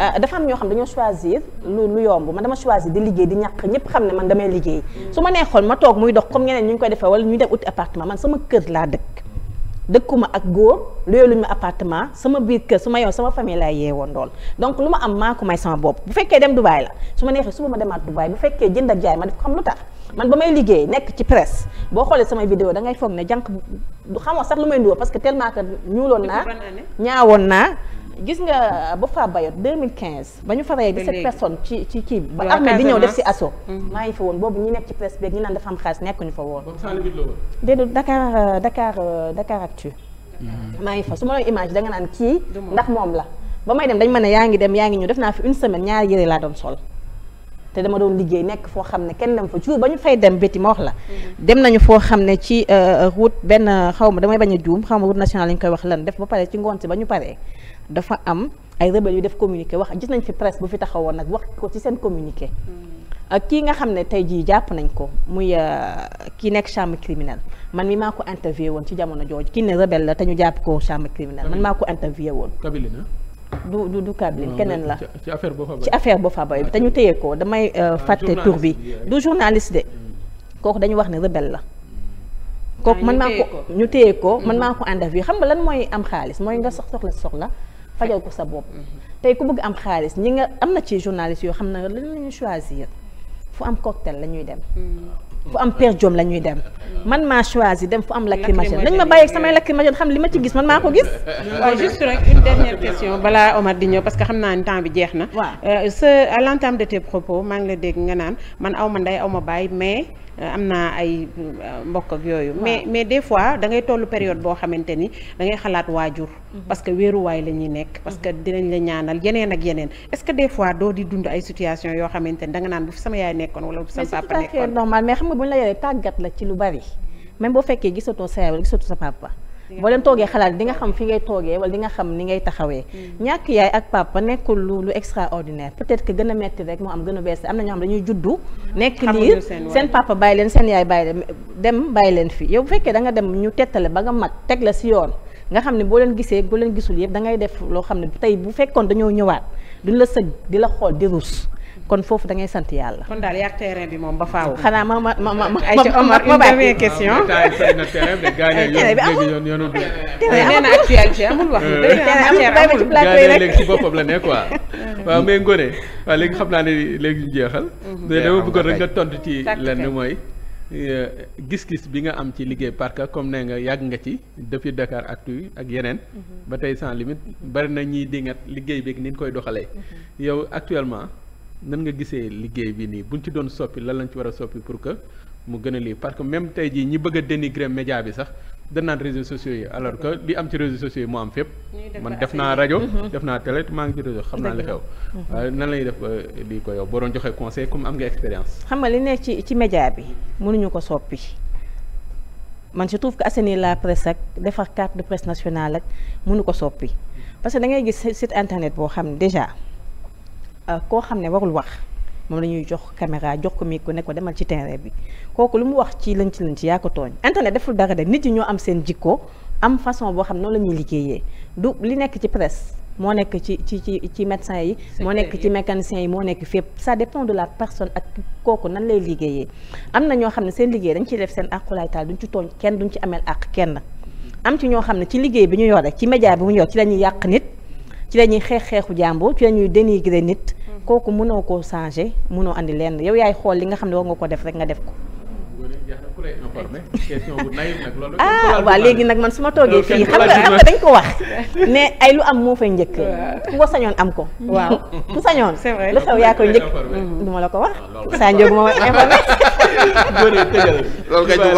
ah, dafa am ñoo xam dañoo choisir lu lu yomb man dama choisir di liggéey di ñàkk ñëpp xam ne man damay liggéey su ma neexoon ma toog muy dox comme ñeneen ñu ngi koy defee wala ñu dem uti appartement man sama kër laa dëkk dëkkuma ak góor loolu ma appartement sama biir kër su ma yow sama famille laay yeewoon dool donc lu ma am maa ko may sama bopp bu fekkee dem Dubaay la su ma neexee suba ma demaat Dubaay bu fekkee jënd ak jaay ma def ko xam lu tax man ba may liggéey nekk ci presse boo xoolee samay vidéo da ngay foog ne jànq du xamoo sax lu may nduwa parce que tellement que ñuuloon naa ñaawoon naa gis nga ba fa bayot 2015 ba ñu fa reyee 17 personnes ci ci kii ba armée di ñëw def si asso mhm. maa ngi fa woon boobu ñu nekk ci presse beeg ñu naan dafa am nekk ñu fa woon déedéet Dakar euh, Dakar euh, dakaar Actu mhm. maa ngi fa su ma doon image da nga naan kii ndax moom la ba may dem dañ ma ne yaa ngi dem yaa ngi ñëw def naa fi une semaine ñaari yëre laa doon sol te dama doon liggéey nekk foo xam ne kenn dem fa jour ba ñu fay dem béti ma wax la mhm. dem nañu foo xam ne ci euh, route benn xaw ma damay bañ a juum xaw ma la ñu koy wax lan def ba pare ci ngoon ba ñu paree dafa am ay rebelles yu def communiqué wax gis nañ fi presse bu fi taxawoon nag wax ko ci seen communiqué. Mm. ak kii nga xam ne tey jii jàpp nañ ko muy euh, kii nekk chambre criminelle man mi maa ko interviewé woon ci jamono jooju ki ne rebelle la te ñu jàpp ko chambre criminelle man maa ko interviewé woon. du du du Kabline keneen la ci affaire Bofa ci affaire Bofa Bayoy bi ah, te ñu téye ko damay euh, ah, fàtte tur bi du journaliste de mm. kooku dañu wax ne rebelle la. Mm. kooku ah, man maa ko ñu téye ko man maa ko ànd xam nga lan mooy am xaalis mooy nga sox soxla soxla. fajal ko sa bopp. tey ku bëgg am xaalis ñi nga am na ci journaliste yoo xam na lan la ñuy choisir fu am cocktail la ñuy dem. fu am per jom la ñuy dem man maa choisi dem fu am lacrymogène nañ ma bàyyi ak samay lacrymogène xam li ma ci gis man maa ko gis [LAUGHS] waaw juste rek une dernière question balaa Omar di ñëw parce que xam naa ni temps bi jeex na waaw sa euh, à l'entame de tes propos maa ngi la dégg nga naan man aw ma ndey aw ma bàyyi mais Euh, am na ay euh, mbokk ak yooyu. mais mais des fois da ngay toll période boo xamante ni da ngay xalaat waajur. Mhm. parce que wéeruwaay la ñuy nekk. parce que mhm. dinañ la ñaanal yeneen ak yeneen est-ce que des fois doo di dund ay situation yoo xamante ni danga naan bu fi sama yaay nekkoon wala bu fi sama papa nekkoon. mais c'est tout à xam nga bu ñu la yoree tàggat la ci lu bari même boo fekkee gisatoo sa yaay wala gisatoo sa papa. boo leen toogee xalaat di nga xam fi ngay toogee wala di nga xam ni ngay taxawee mm. ñàkk yaay ak papa nekkul lu lu extraordinaire peut-être que gën a metti rek moo am gën a bees am na ñoo xam dañuy juddu mm. nekk liir seen papa bàyyi leen seen yaay bàyyi leen dem bàyyi leen fi yow bu fekkee da nga dem ñu tettale ba nga mag teg la si yoon nga xam ne boo leen gisee boo leen gisul yëpp da ngay def loo xam ne tey bu fekkoon dañoo ñëwaat duñ la sëgg di la xool di rus kon foofu da ngay sant yàlla. kon daal yàq terrain bi moom ba faaw. xanaa ma ma ma ma ma Omar une dernière question. nee na actualité [LAUGHS] amul wax. léegi ci boppam la ne quoi. waaw mais Ngoné waaw léegi xam naa ne léegi ñu jeexal. Mhm. mais dama bëggoon rek nga tontu ci lenn mooy. Euh, gis-gis bi nga am ci liggéey parc comme ne nga yàgg nga ci depuis Dakar Actu ak yeneen. Mhm. ba tey sans limite bari na ñiy dingat liggéey bi ni ñu koy doxalee. Mhm. yow actuellement. nan nga gisee liggéey bi nii bu buñ ci doon soppi lan lañ ci war a soppi pour que mu gën a lii parce que même tey jii ñi bëgg a dénigrer média bi sax danaan réseaux sociaux yi alors que li am ci réseaux sociaux yi moo am fépp. man def naa rajo. Mhm. def naa télé maa ngi ci réseau xam naa li xew. nan lay def di ko yow boo doon joxee conseil comme am nga expérience. xam nga li ne ci ci média bi mënuñu ko soppi man je trouve que assainir la presse ak defar carte de presse nationale ak mënu ko soppi parce que da ngay gis site internet boo xam déjà. Euh, koo xam ne warul wax moom la ñuy jox caméra jox ko micro ne ko demal ci terrain bi kooku lu mu wax ci ci lënc ci yaa ko tooñ internet deful dara de nit yi ñoo am seen jikko am façon boo xam ne noonu la ñuy liggéeyee du li nekk ci presse moo nekk ci ci ci ci médecin yi moo nekk ci mécanicien yi moo nekk fépp ça dépend de la personne ak kooku nan lay liggéeyee am na ñoo xam ne seen liggéey dañ ciy def seen àqulaay taal duñ ci tooñ kenn duñ ci ameel àq kenn am ci ñoo xam ne ci liggéey bi ñu yor rek ci média bi mu ci la ñuy yàq nit ci la ñuy xeex xeexu jàmbur ci la ñuy dénigrer nit. kooku mënoo ko changer mënoo andi lenn yow yaay xool li nga xam ne war nga ko def rek nga def ko. [LAUGHS] ah waaw léegi nag man su ma toogee fii xam nga xam nga dañ ko wax [LAUGHS] ne ay lu am moo fay njëkk ku ko sañoon am ko [LAUGHS] ku sañoon lu xew yaa koy njëkk mm, du la ko wax saa njóogu ma informé loolu kay du lay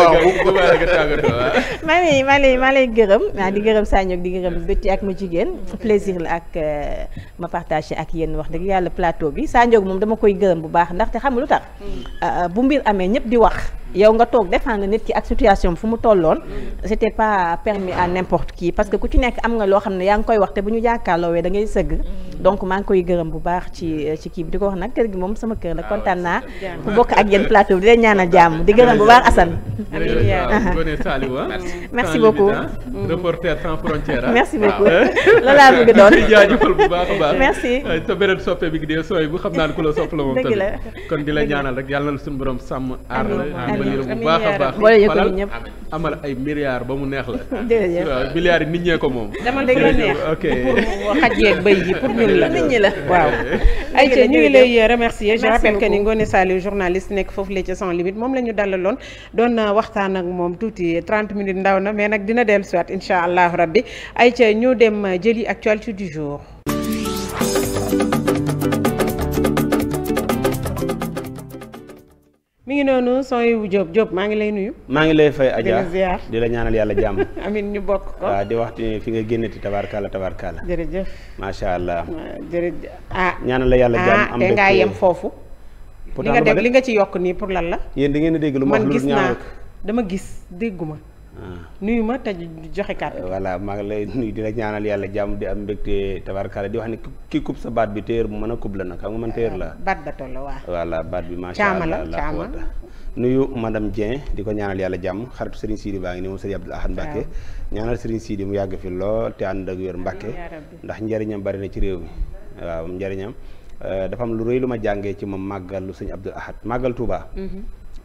ah. gërëm waa ah, di gërëm saa njóog di gërëm bëtti ak ma jigéen plaisir la ak euh, ma partagé ak yenn wax dëgg yàlla plateau bi saa njóog moom dama koy gërëm bu baax ndaxte xam lu tax mm. ah, bu mbir amee ñépp di wax yow nga toog défendre nit ki ak situation fu mu tolloon c'était pas permis à n'importe qui parce que ku ci nekk am nga loo xam ne yaa ngi koy wax te bu ñu jàkkaarloowee da ngay sëgg donc maa ngi koy gërëm bu baax ci kii bi di ko wax nag kër gi moom sama kër la kontaan naa bu bokk ak yéen plateau bi di di gërëm bu baax Assane merci beaucoup reporter sans frontières merci beaucoup [LAUGHS] loolu laa bëgg doon [LAUGHS] jaajëfal bu baax a baax merci sa bi dee sooy bu xam naa ne ku la la moom tamit kon di la ñaanal rek yàlla na suñu borom sàmm aar la bu baax baax amal ay milliards ba mu neex la. jërëjëf waaw milliards yi nit ñee ko moom. dama dégg la neex ok pour xaj yeeg béy ji pour ñun la nit la waaw. ayca ñu ngi lay euh, remercier je rappelle que ni Ngoné Saliou journaliste nekk foofu la ci sans limite moom la ñu dalaloon doon euh, waxtaan ak moom tuuti 30 minutes ndaw na mais nag dina dellu si waat allah allahu rabbi ayca ñu dem euh, jëli actualité du jour. mi ngi noonu sooy wu Diop Diop maa ngi lay nuyu. maa ngi lay fay Adja di la ñaanal yàlla jàmm. [LAUGHS] amin ñu bokk ko waaw di wax fi nga génnati tabarkaala tabarkaala. jërëjëf macha allah. jërëjëf ah. ñaanal la yàlla jàmm ah, am nga yem foofu. li nga dégg li nga ci yokk nii pour lan la. yéen di ngeen a dégg lu ma wax lu ñaaw gis naa dama gis dégguma nuyu ma te joxe carte voilà maa ngi lay nuyu di la ñaanal yàlla jàmm di am mbégte tabarkaale di wax ne ki kub sa baat bi téer bu mën a kub la nag xam nga man téer la baat ba toll waaw voilà baat bi macha allah caama la nuyu madame Dieng di ko ñaanal yàlla jàmm xaritu Serigne Sidi baa ngi ni moom Serigne Abdoul Ahad Mbacke ñaanal Serigne Sidi mu yàgg fi lool te ànd ak wér Mbacke ndax njariñam bari na ci réew mi waaw njariñam euh, dafa am lu rëy lu ma jàngee ci moom màggalu Serigne Abdoul Ahad màggal Touba mhm.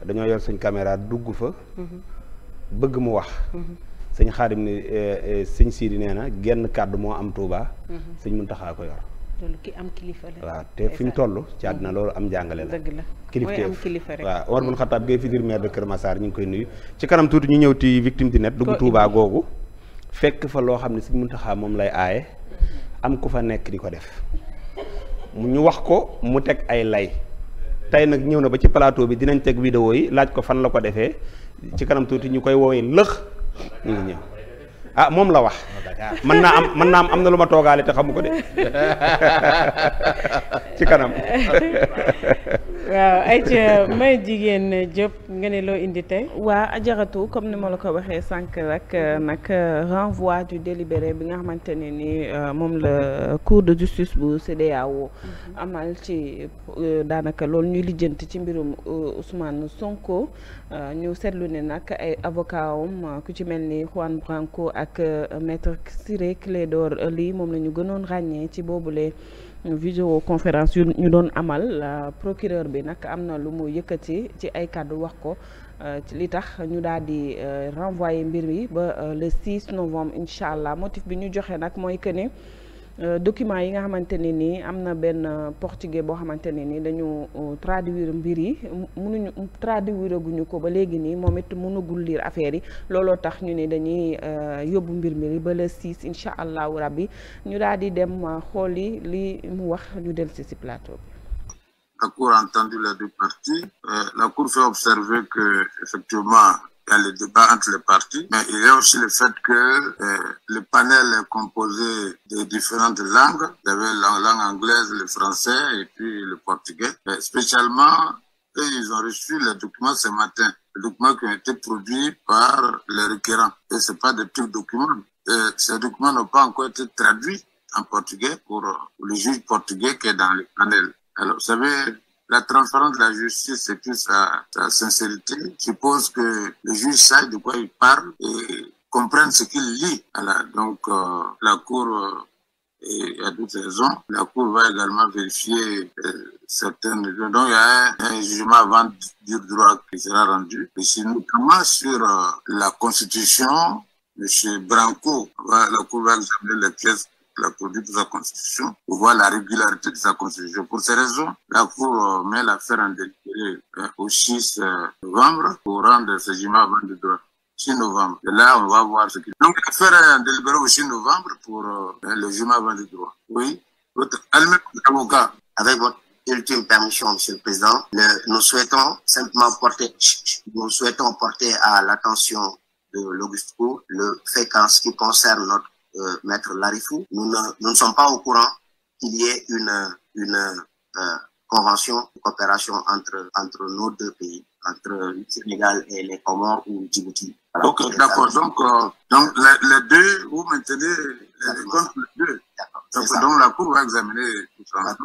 dañoo yor suñ caméra dugg fa mhm. bëgg mu wax sëñ xaadim ni eh, eh, sëñ siidi nee na genn kàddu moo am tuuba mhm. sëñ Muntaxa ko yor loolu am kilifa te fi mu toll ci àddina mhm. loolu am njàngale la kilifa rek waa Omar bun Xataab mhm. Gueye futur maire de Kër Massar ñu ngi koy nuyu ci kanam tuuti ñu ñëw ti victime di net dugg tuuba googu fekk fa loo xam ne sëñ Muntaxa moom lay aaye am ku fa nekk di ko def ñu wax ko mu teg ay lay tey nag ñëw na ba ci plateau bi dinañ teg vidéo yi laaj ko fan la ko defee ci kanam tuuti ñu koy woowee lëx ñu ngi ñëw ah moom la wax mën naa am mën naa am am na lu ma toogaale te xamu ko de [LAUGHS] ci kanam [LAUGHS] waaw ayca may jigéen jëpp nga ne loo indite waa ajaratu comme ni ma la ko waxee sànq rek euh, nag euh, renvoi du délibéré bi nga xamante ne ni euh, moom la cour de justice bu CEDEAO mhm. amal ci daanaka loolu ñuy lijjanti ci mbirum Ousmane Sonko ñu seetlu ne nag ay avocat ku ci mel ni Juan Branco ak maître Ciré Clédor Ly moom la ñu gënoon ràññee ci boobule. visioconférence yu ñu doon amal euh, procureur bi nag am na lu mu yëkkati ci ay kàddu wax ko euh, ci li tax ñu daal di euh, renvoyer mbir mi ba le 6 novembre incha allah motif bi ñu joxe nag mooy que ne. Euh, document yi nga xamante ne nii am na benn euh, portugais boo xamante ne nii dañu euh, traduire mbir yi mënuñu traduire guñu ko ba léegi nii moom it mënagul liir affaire yi looloo tax ñu ne dañuy yóbbu mbir mi ba le 6 incha allahu rabbi ñu daal di dem xooli li mu wax ñu del si si plateau bi. La Cour entendu les deux parties. la Cour fait observer que effectivement il le débat entre les partis, mais il y a aussi le fait que euh, le panel est composé de différentes langues. Il y avait la langue anglaise, le français et le portugais. Et spécialement, et ils ont reçu les documents ce matin, le documents qui ont été produits par les requérants. Et ce pas des petits documents. Et ces n'ont pas encore été traduits en portugais pour le juge portugais qui est dans le panel. Alors, vous savez, la transparence de la justice et puis sa, sincérité suppose que le juge sache de quoi il parle et comprenne ce qu'il lit. Euh, la Cour, euh, et à toutes raisons, la Cour va également vérifier euh, certaines... Donc, il y a un, jugement avant du droit qui sera rendu. Et c'est notamment sur euh, la Constitution, M. Branco, la Cour va examiner les pièces la conduite de sa constitution, pour voir la régularité de sa constitution. Pour ces raisons, la Cour euh, met l'affaire en délibéré euh, au euh, novembre pour rendre ce jugement avant de droit. novembre. pour euh, le jugement avant le droit. Oui. Votre avocat. Avec votre ultime permission, Monsieur le Président, nous souhaitons simplement porter, à l'attention de l'Auguste le fait qu'en ce qui concerne notre euh, Maître Larifou, nous ne, nous ne sommes pas au courant qu'il y ait une, euh, convention de coopération entre, entre nos deux pays, entre le Sénégal et les Comores ou Djibouti. d'accord. Donc, euh, les, deux, vous maintenez les deux. Donc, la Cour va examiner tout ça.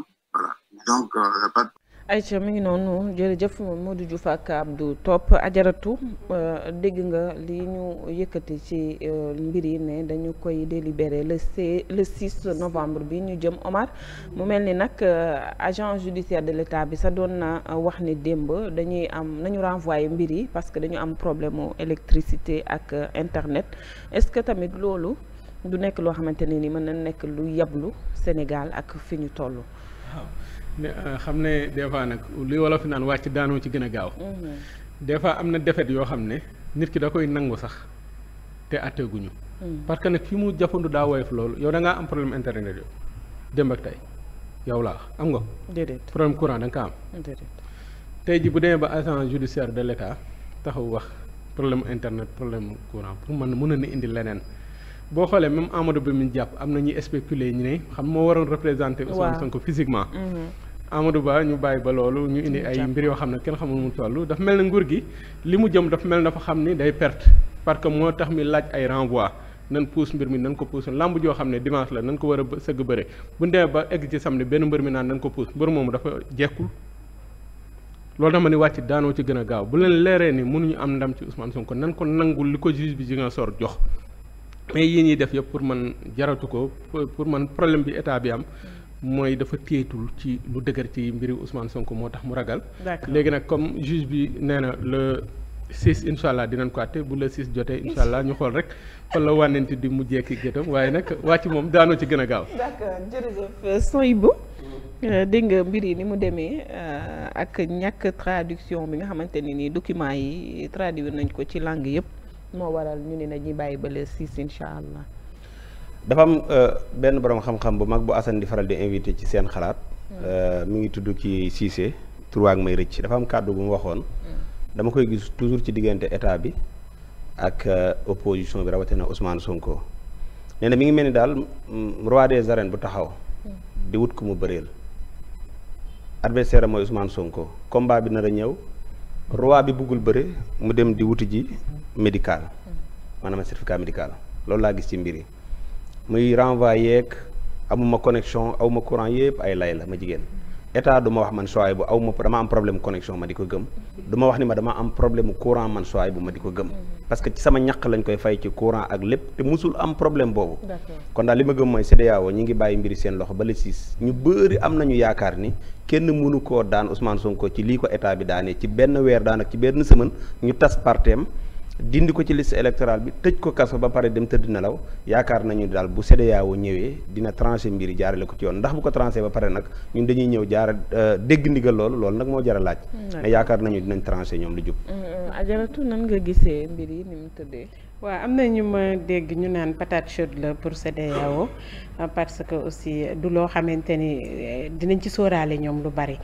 Donc, il euh, n'y a ay Aïcha mi ngi noonu jërëjëf Modou Diouf ak Abdou Top ajaratu euh, dégg nga li ñu yëkkati ci euh, mbir yi ne dañu koy délibéré le c le 6 novembre bi ñu jëm Omar mu mel ni nag euh, agent judiciaire de l'état bi sa doon na wax ni démb dañuy am nañu renvoyé mbir yi parce que dañu am problème mu électricité ak internet est-ce que tamit loolu du nekk loo xamante ne ni mën nañ nekk lu yablu Sénégal ak fi ñu toll. ne euh, xam ne des fois nag li wolof naan wàcc daanoo ci gën a gaaw. Mm-hmm. des fois am na défaite yoo xam ne nit ki da koy nangu sax te atteeguñu. Mm. parce que nag fi mu jafandu daa woyof loolu yow da ngaa am problème internet yow démb ak tey yow laa am nga. déedéet problème courant da nga am. tey ji bu demee ba agent judiciaire de l' état taxaw wax problème internet problème courant pour mën mën na indi leneen. boo xoolee même Amadou Ba mi jàpp am na ñu spéculer ñu ne xam moo waroon représenter Ousmane Sonko physiquement mhm. Amadou Ba ñu bàyyi ba loolu ñu indi ay mbir yoo xam ne kenn xamul mu toll dafa mel na nguur gi li mu jëm dafa mel na dafa xam ni day perte parce que moo tax mi laaj ay renvoi nan puus mbir mi nan ko puus lamb joo xam ne dimanche la nan ko war a sëg bëre bu ñu ba egg ci samedi benn mbër mi naan nan ko puus mbër moomu dafa jekkul loolu dama ni wàcc daanoo ci gën a gaaw bu leen leeree ni mënuñu am ndam ci Ousmane Sonko nan ko nangul li ko juge bi ji nga sor jox mais yii ñuy def yëpp pour man jaratu ko pour man problème bi état bi am mooy dafa téyetul ci lu dëgër ci mbiru Ousmane Sonko moo tax mu ragal. léegi nag comme juge bi nee na le 6 incha allah dinañ ko àtte bu le 6 jotee incha allah ñu xool rek fan la wànnenti di mujjee ki gétam waaye nag wàcc moom daanoo ci gën a gaaw. d'accord jërëjëf euh, Soyibou euh, dégg nga mbir yi ni mu demee euh, ak ñàkk tradiction bi nga xamante ni nii documents yi traduire nañ ko ci langue yëpp. moo waral ñu ne nañuy bàyyi ba le 6 incha allah. dafa am euh, benn borom xam-xam bu mag bu Assane di faral di invité ci seen xalaat. mu hmm. euh, ngi tudd ci Cissé Tourwaag may rëcc dafa am kàddu bu mu waxoon. Hmm. dama koy gis toujours ci diggante état bi ak euh, opposition bi rawatina Ousmane Sonko. nee na mi ngi mel ni daal mm, roi des arènes bu taxaw. Hmm. di wut ku mu bëreel. adversaire mooy Ousmane Sonko combat bi nar a ñëw roi bi buggul bëre mu dem di wuti ji médical maanaam certificat médical loolu laa gis ci mbir yi muy renvoyé ak amuma connexion awma courant yëpp ay lay la ma jigéen état du ma wax man sooy bu aw ma dama am problème connexion ma di ko gëm du ma wax ni ma dama am problème courant man sooy bu ma di ko gëm mm-hmm. parce que ci sama ñaq lañ koy fay ci courant ak lépp te musul am problème boobu kon daal li ma gëm mooy CEDEAO ñi ngi bàyyi mbiri seen loxo ba le ñu bëri am nañu yaakaar dindi ko ci liste électorale bi tëj ko kaso ba pare dem tëdd nelaw yaakaar nañu daal bu CEDEAO ñëwee dina tranché mbir jaarale ko ci yoon ndax bu ko tranché ba pare nag ñun dañuy ñëw jaara euh, dégg ndigal loolu loolu nag moo jar a laaj. yaakaar nañu dinañ tranché ñoom lu jub. Mm, mm. ajaratu nan nga gisee mbir yi ni mu tëddee. waaw am na ñu ma dégg ñu naan patate chaude la pour CEDEAO Euh, parce que aussi du loo xamante ni euh, dinañ ci sooraale ñoom lu bari.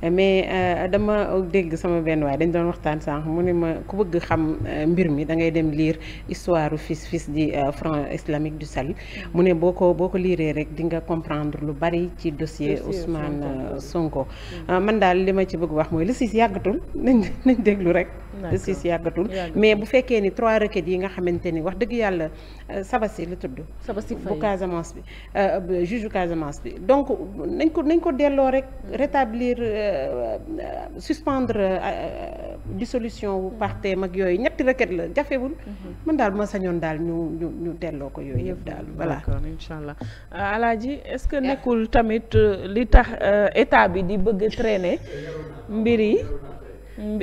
Mm. mais euh, dama dégg sama benn waay dañ doon waxtaan sànq mu ne ma ku bëgg xam mbir mi da ngay dem liir histoire fils fils di front islamique du salut mm. mu ne boo ko boo ko liiree rek di nga comprendre lu bari ci dossier Ousmane Sonko mm. man daal li ma ci bëgg wax mooy li yàggatul nañ déglu rek li yàggatul mais bu fekkee ni trois requêtes yi nga xamante ni wax dëgg yàlla sabasi lu tudd bu Euh, juge Casamance donc nañ ko nañ ko delloo rek rétablir euh, euh, suspendre dissolution wu mm-hmm. parti mag yooyu ñetti requête la jafewul mm-hmm. man daal ma sañoon daal ñu ñu ñu delloo ko yooyu yëpp daal balaa d'accord incha allah alaaji est-ce que nekkul tamit li tax état bi di bëgg traîner mbir yi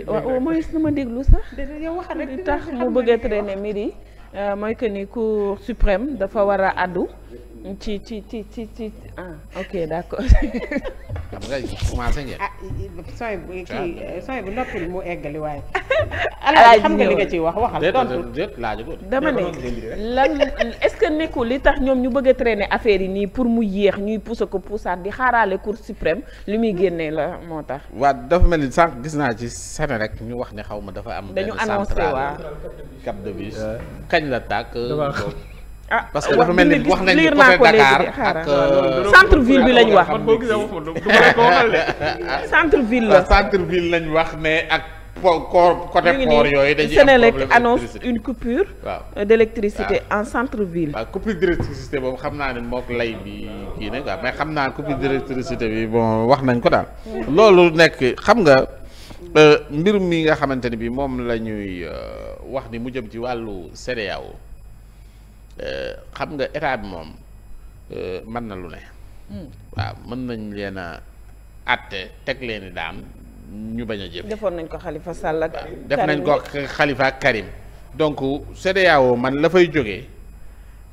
waaw mooy na ma déglu sax li tax mu bëgg a traîner mbir yi mooy que ni cour suprême dafa war a àddu ci ci ci ci ci ah ok d'accord. xam nga commencé ngeen. ah sooy eh, bu kii sooy bu mu eggali waaye. [LAUGHS] alaaji xam nga li nga ciy wax waxal. dama ne la est-ce que nekkul li tax ñoom ñu bëgg a traîner affaire yi nii pour mu yéex ñuy pousse ko poussaat di xaaraale cour suprême li muy génnee la moo tax. waa dafa mel ni sànq gis naa ci sene rek ñu wax ni xaw ma dafa am. dañu annoncé waaw benn cap de bus kañ la tàkk. ah parce que dafa mel ni wax nañu côté Dakar ak euh, centre bi [LAUGHS] ah, lañ wax. centre ville la centre ville lañ wax mais ak. port côté port yooyu dañuy am Sénélec annonce une coupure. waaw euh, d'électricité ah. en centre ville. waaw ah, coupure d'électricité boobu xam naa ne mook lay bi kii nag waaw mais xam naa coupure d'électricité bi bon wax nañ ko daal. loolu nekk xam nga. Euh, mbir mi nga xamante ne bi moom la ñuy wax ni mu jëm ci wàllu CEDEAO xam nga état bi moom euh, mën na lu ne. Hmm. waaw mën nañ leen a àtte teg leen daan ñu bañ a jëf. defoon nañ ko xalifa sàll ak. def nañ ko xalifa ak Karim. donc CEDEAO man la fay jóge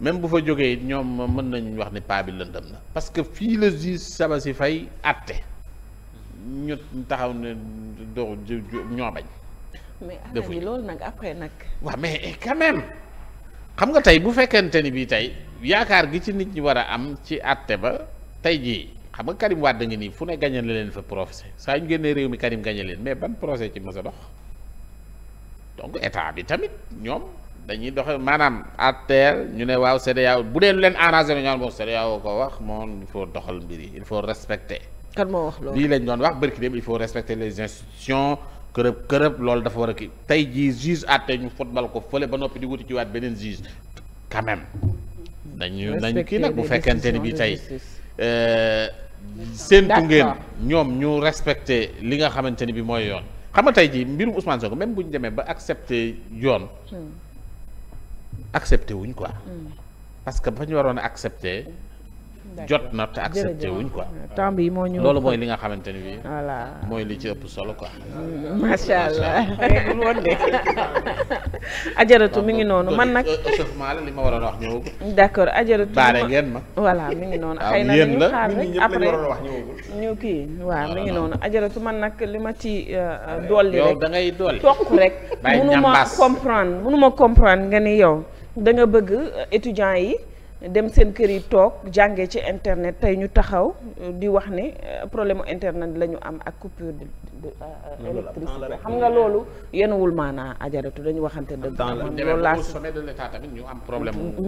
même bu fa jógee ñoom mën nañ wax ni paa bi lëndëm na parce que fii la juge saba si fay àtte ñu taxaw ne doo ñoo bañ. mais après nag. waaw mais quand même. xam nga tey bu fekkente ni bii tey yaakaar gi ci nit ñi war a am ci àtte ba tey jii xam nga Karim Wade ngi nii fu ne gañe na leen fa procès saa ñu génnee réew mi Karim gañe leen mais ban procès ci mës a dox donc état bi tamit ñoom dañuy doxe maanaam àtteel ñu ne waaw CEDEAO bu dee lu leen arrangé na ñaan moom CEDEAO ko wax moom il faut doxal mbir yi il faut respecter. kan moo wax loolu lii lañ doon wax barki dem il faut respecter les institutions kërëb kërëb loolu dafa war a kii tey jii juge àtte ñu football ko fële ba noppi di wuti ci waat beneen juge quand même nañu kii nag bu fekkente ni bi tey seen euh, ngeen ñoom ñu respecté li nga xamante ni bi mooy yoon xam nga tey jii mbirum Ousmane ko même bu ñu demee ba accepté yoon hmm. accepté wuñ quoi hmm. parce que ba ñu waroon a jot na te accepté wuñ quoi. temps yi moo ñu loolu mooy li nga xamante ni bii. voilà mooy li ci ëpp solo ko mm, macha allah [LAUGHS] [LAUGHS] ajaratu mi ah, ngi noonu man nag. échauffement li ma waroon wax ñëwagul. d' accord ajaratu baare ngeen ma. voilà mi ngi noonu. na ñu xaar rek après ñu kii mi ngi noonu ajaratu man nag li ma ci euh, euh, dolli rek. yow da ngay dolli toq rek. mënu ma comprendre mënu nga ni yow da bëgg euh, étudiants yi. dem seen kër yi toog jàngee ci internet tey ñu taxaw euh, di wax ne euh, problème mu internet la ñu am ak coupure de euh, électricité xam nga loolu yenuwul maanaa ajaratu dañu waxante dëgg loolu eh laa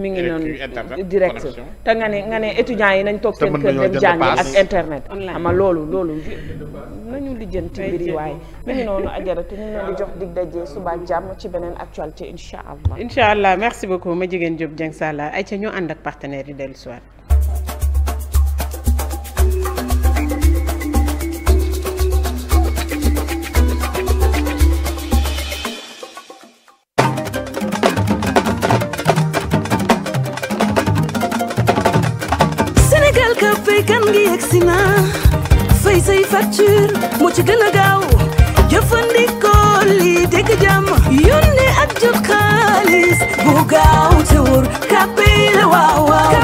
mi ngi noonu direct te nga ne nga ne étudiants yi nañ toog seen kër dem jàngi ak internet ama loolu loolu nañu lijjanti mbir yi waaye mi ngi noonu ajaratu ñu leen di jox dig daje suba jàmm ci beneen ci incha allah incha allah merci beaucoup ma jigéen Diop Dieng Sall ay ca ñu ànd ak partenaires yi dellu siwaat fay say facture moo ci gën a gaaw jëfandikoo lii dégg jàmm gis bu gaaw te wóor kappil waaw waaw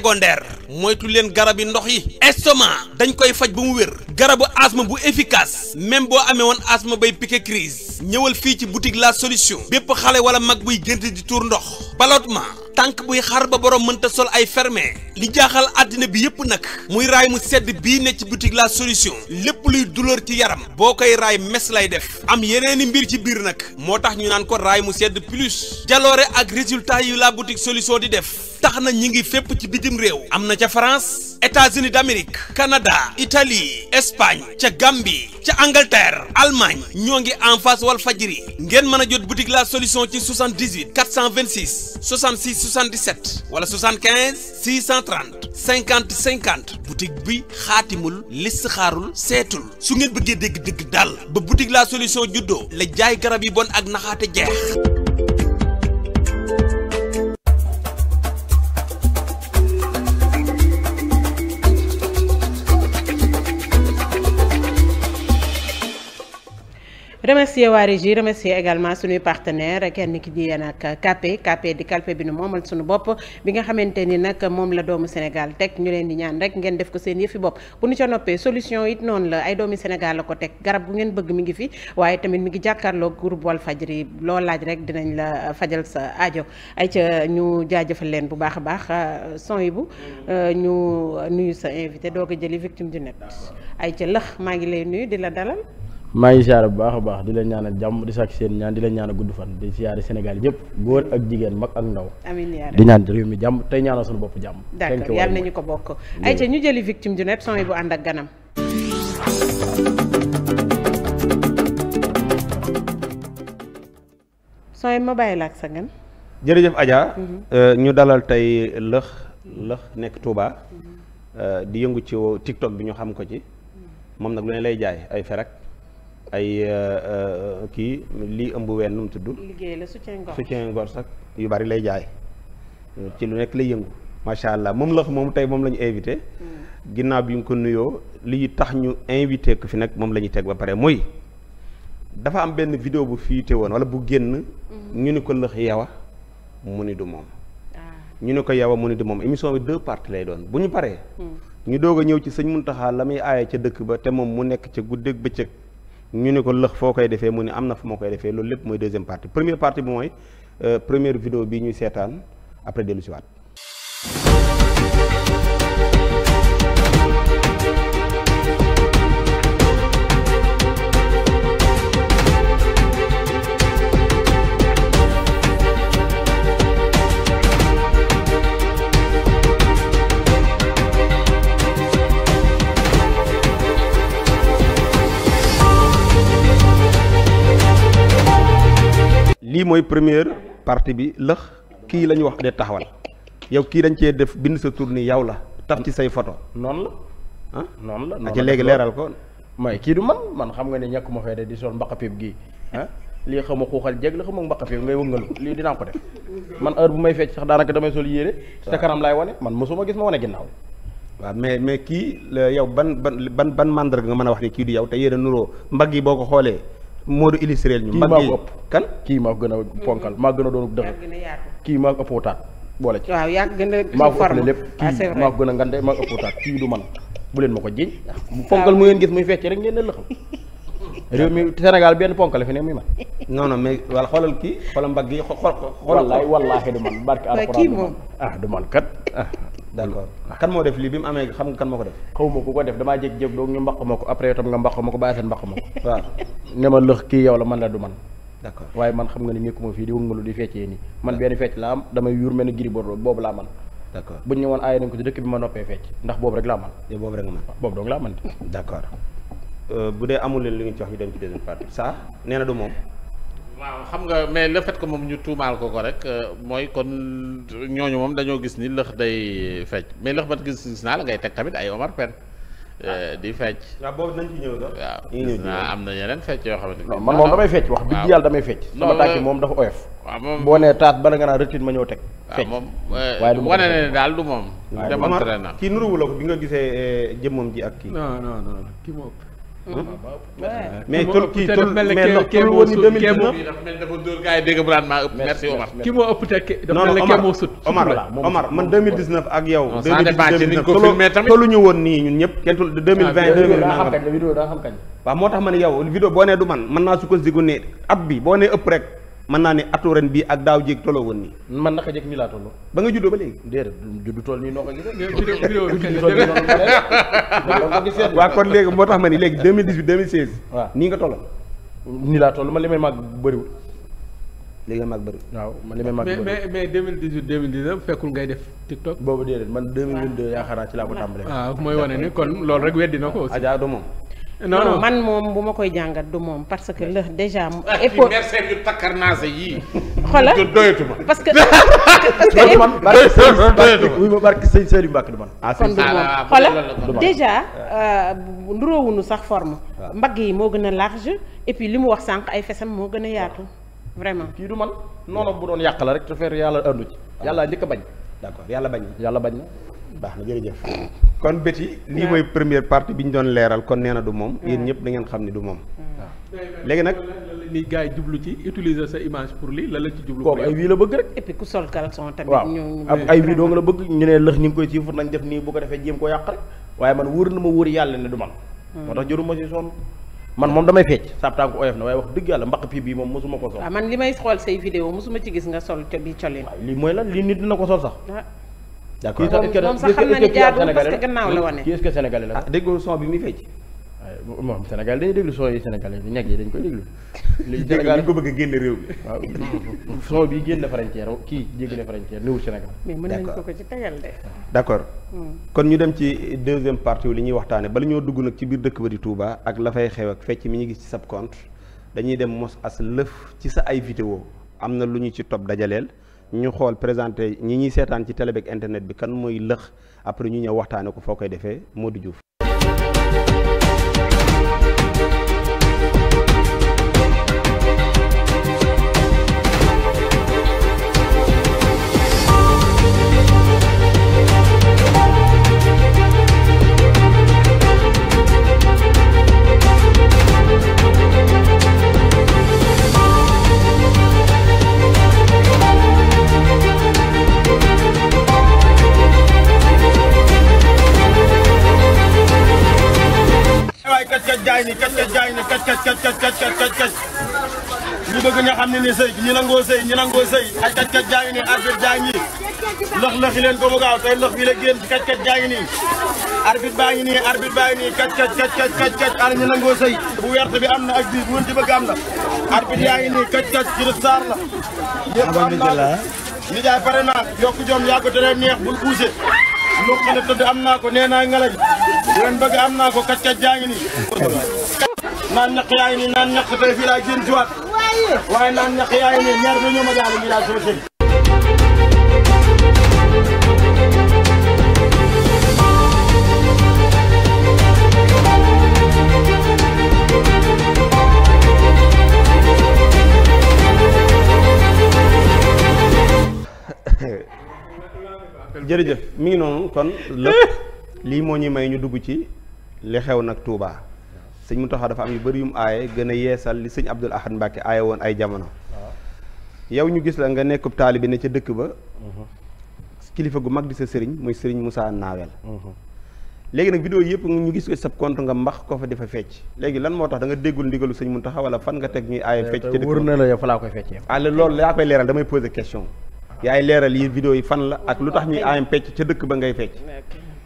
secondaire moytu leen garab yi ndox yi estomac dañ koy faj ba mu wér garabu asthme bu efficace même boo amee woon asma bay piqué crise ñëwal fii ci boutique la solution bépp xale wala mag buy gént di tuur ndox ballottement tànk buy xar ba borom mënta sol ay fermé li jaaxal àddina bi yépp nag muy raay mu sedd bii ne ci boutique la solution lépp luy douleur ci yaram boo koy raay mes lay def am yeneeni mbir ci biir nag moo tax ñu naan ko raay mu sedd plus jaloore ak résultat yu la boutique solution di def bitim réew am na ca France États-Unis d'Amérique Canada Italie Espagne ca Gambie ca Angleterre Allemagne ñoo ngi en face Walfadjri ngeen mën a jot boutique la solution ci 78 426 66 77 wala 75 630 50 50 boutique bi xaatimul listixaarul seetul su ngeen bëggee dégg dëgg daal ba boutique la solution juddoo la jaay garab yi bon ak naxaate jeex. remercier waa Régie remercier également suñuy partenaire kenn ki di nag Kappé Kappé di kalpe bi nu moomal suñu bopp bi nga xamante ni nag moom la doomu Sénégal teg ñu leen di ñaan rek ngeen def ko seen yëfi bopp bu nu ca noppee solution it noonu la ay doomi Sénégal la ko teg garab bu ngeen bëgg mu ngi fi waaye tamit mi ngi jàkkaarloo groupe Walfadjri loo laaj rek dinañ la fajal sa ajo ay ca ñu jaajëfal leen bu baax a baax son yi bu euh, ñu nuyu sa invité doog a jëli victime du ay ca lëx maa ngi lay nuyu di la dalal maa ngi siyaare bu baax a baax di leen ñaanal jàmm di sàkk seen ñaan di leen ñaanal gudd fan di siyaare Sénégal yëpp góor ak jigéen mag ak ndaw. amiin yaa di ñaan réew mi jàmm tey ñaanal suñu bopp jàmm. d'accord yàlla nañu ko bokk. ayca ñu jëli victime du nepp son yi bu ànd ak ganam. son yi ma bàyyi la ak sa gan. jërëjëf Adja. Mhm. Euh, ñu dalal tey lëx lëx nekk Touba. Mhm. Euh, di yëngu ci TikTok bi ñu xam ko ci. Mhm. moom nag lu ne lay jaay ay ferak ay euh, euh, kii lii ëmb ween nu mu tudd. liggéey la soutien ngor soutien yu bari lay jaay. ci lu nekk lay yëngu macha allah moom la moom tey moom lañu invité. Hmm. ginnaaw bi ñu ko nuyoo li tax ñu invité ko fi nag moom lañuy teg ba pare muy dafa am benn vidéo bu fiite woon wala bu génn. Hmm. ñu ni ko lëx yawa mu ni du moom. Ah. ñu ne ko yawa mu ni du moom émission bi deux parties lay doon bu ñu paree. Hmm. ñu doog a ñëw ci sëñ Muntaxa la muy aaye ca dëkk ba te moom mu nekk ca guddeeg bëccëg. ñu ne ko lëx foo koy defee mu ne am na fu ma koy defee loolu lépp mooy deuxième partie première partie bi mooy euh, première vidéo bi ñuy seetaan après dellu si waat lii mooy première partie bi lëx kii la ñu wax dee taxawal yow kii dañ cee def bind sa tournée yow la tax ci say foto noonu la ah noon la a ah, ca léegi leeral ko may kii du man man xam nga ne ñàkk ma fee de di sol mbaqapib gii ah, ah? lii xama xuuxal jéeg la xama mbaqapib ngay wëngalu lii dinaa ko def man heure bu may fecc sax daanaka damay sol yére ah. sa kanam laay wane man mosuma gis ma wane ginnaaw waaw mais mais kii yow ban ban ban ban gi nga mën a wax ni kii du yow te yére nuroo mbagg yi boo ko xoolee Modou illustré ñu. kii maa ko ëpp kan kii maa ko gën a ponkal maa gën a doon dëx kii maa ko ëpp wutaat boole ci. waaw yaa gën a maa ko ëpp lépp ah, kii maa ko gën a ngande maa bu leen ma ko jiñ ah. ponkal mu ngeen gis muy fecc rek ngeen ne lëxam [LAUGHS] réew mi Sénégal benn ponk la fi ne muy man non non mais xoolal kii xoolal mbagg yi xoolal wallaahi du man barke alxuraan du man ah du man kat ah d'accord ah. kan moo def moo ko xaw ma ku ko def damaa jékki-jékki doog ñu mbaq ma ko après itam nga mbaq ko bàyyi seen mbaq ma ko waaw ne ma lëx kii yow la man la du man d'accord waaye man xam nga ni nekkuma fii di wëngalu di feccee nii man benn fecc laa am damay yuur mel ni Gris boobu laa man d'accord buñ ne woon aaya bi ma noppee fecc ndax boobu rek laa man boobu rek nga man boobu doog laa euh, bu dee amul leen li nga ci wax ñu dem ci deuxième partie ça nee na du moom waaw xam nga mais le fait ko moom ñu tuumaal ko ko rek euh, mooy kon ñooñu moom dañoo gis ni lëx day fecc mais lëx ba gis gis naa la ngay teg tamit ay Omar Pène Eh, di fecc. waaw boobu nañ ci ñëw sax. waaw ah, am na yeneen fecc yoo xamante man moom damay fecc wax dëgg yàlla damay fecc. sama tàkki moom dafa oyof. waaw moom boo nee taat bala nga naan rëccit ma ñëw teg. Ah, fecc eh, waaye du wane ne daal du moom. waaye du moom kii nuruwu la ko bi nga gisee eh, jëmmam ji ak kii. non non non kii moom. mais tur kii tur mais ndox tur woon ni 2019 mel ne kee sut. Omar Omar man 2019 ak yow. 2019 tolluñu woon nii ñun ñëpp kenn tul 2020 2020. waaw moo tax ma ne yow boo nee du man mën naa sukkandiku ne at bi boo nee ëpp rek. mën naa ne atu ren bii ak daaw jéeg tolloo woon nii. man naka jëkk nii laa tolloo. ba nga juddoo ba léegi. déedéet juddu tool nii noo ko gisee. juddu kon léegi moo tax ma ni léegi 2018 2016. waaw nii nga tolloo. nii laa toll man li may màgg bëriwul. léegi mag bëri. waaw ma li may mag bëri mais mais 2018 2019 fekkul ngay def TikTok. boobu déedéet man 2022 yaakaar naa ci laa ko tàmbalee. waaw ah, mooy wane ni kon loolu rek weddi na ko moom. non man moom bu ma koy jàngat du moom parce que la déjà. épo ah, mercenaires yu takkarnaase yii. [LAUGHS] doyatuma parce que. [LAUGHS] parce que man barki sëñ barki sëñ Seydou Mbacke du man. ah kon du ah, moom xoolal ah, déjà euh, nduroowuñu sax forme. mbagg yi moo gën a large et puis li mu wax sànq ay fesam moo gën a yaatu. vraiment kii du man noonu bu doon yàq la rek te feer yàlla andu ci. yàlla njëkk a bañ. d'accord yàlla bañ yàlla bañ na. baax na jërëjëf. kon béti lii mooy première partie bi ñu doon leeral kon nee na du moom. yéen ñëpp da xam ne du moom. léegi nag ni gars yi jublu ci utiliser sa image pour lii la la ci jublu. kooku ay wii la bëgg rek. ay wii doonga la ñu ne lëx ñu ngi koy siifut nañ def nii bu ko defee jéem ko yàq rek waaye man wóor na hmm. moo tax ma si sonn. man moom damay fecc saabtaan ko oyof moom mosuma ko sol. waaw ah, man li may gis nga sol mooy lan lii nit dina ko sol sax. Ah. d' accord moom sax xam na ne jaarul parce que gannaaw la wane. kii est-ce que sénégalais la ah déggoo son bi muy fecc. moom Sénégal dañuy déglu son yi [LAUGHS] Sénégal yi ñag a génne réew mi. [LAUGHS] waaw son bi génn frontière kii jéggi frontière néew Sénégal. mais mën nañ ko ko ci tegal hmm. kon ñu dem ci deuxième partie wu li ñuy waxtaane bala ñoo dugg nag ci biir dëkk ba di Touba ak la fay xew ak fecc mi ñu gis ci sab compte dañuy dem mos as lëf ci sa ay vidéo am na lu ñu ci topp dajaleel ñu xool présenté ñi ñuy seetaan ci télé beeg internet bi kan mooy lëx après ñu ñëw waxtaane ko foo koy defee Modou Diouf kac jaay ni kac kac jaay ni kac kac kac kac kac kac kac kac ñu bëgg nga xam ne ni sëy ñi nangoo sëy ñi nangoo sëy ay kac kac jaay ni arbitre jaa ngi lëx lëxi leen ko mu ni arbitre baa bu werte bi am na ak biir bu wën ci bëgg am na arbitre yaa ngi nii kac kac ci def saar la ñëpp am naa nijaay pare naa yokk jom yaa ko tere neex bul lu xale tëdd am naa ko nee naa ngelañ bu leen am naa ko kat kat jaa ngi nii naan ñaq yaa ngi nii naan ñaq tey fii laa génn si waat waaye naan ñaq yaa ngi nii ñaar ba ñoom a daal ngi daal sama sëriñ jërëjëf mi ngi noonu kon lépp [LAUGHS] lii moo ñuy may ñu dugg ci li xew nag Touba sëñ Mountakha dafa am yu bëri yum aaye gën a yeesal li sëñ Abdoul Ahad Mbacke aaye woon ay jamono. yow ñu gis la nga nekkub taalibe ne ca dëkk ba. Mhm. kilifa gu mag di sa sëriñ muy sëriñ Moussa Nawel. Mhm. léegi nag vidéo yëpp ñu gis ko sab compte nga mbax ko fa di fa fecc léegi lan moo tax da déggul ndigalu sëñ Mountakha wala fan nga teg ñuy aaye fecc. ca dëkk ba wóor na yaa ah, koy leeral damay yaay leeral yi vidéo yi fan la ak lu tax ñuy aayam pecc ca dëkk ba ngay fecc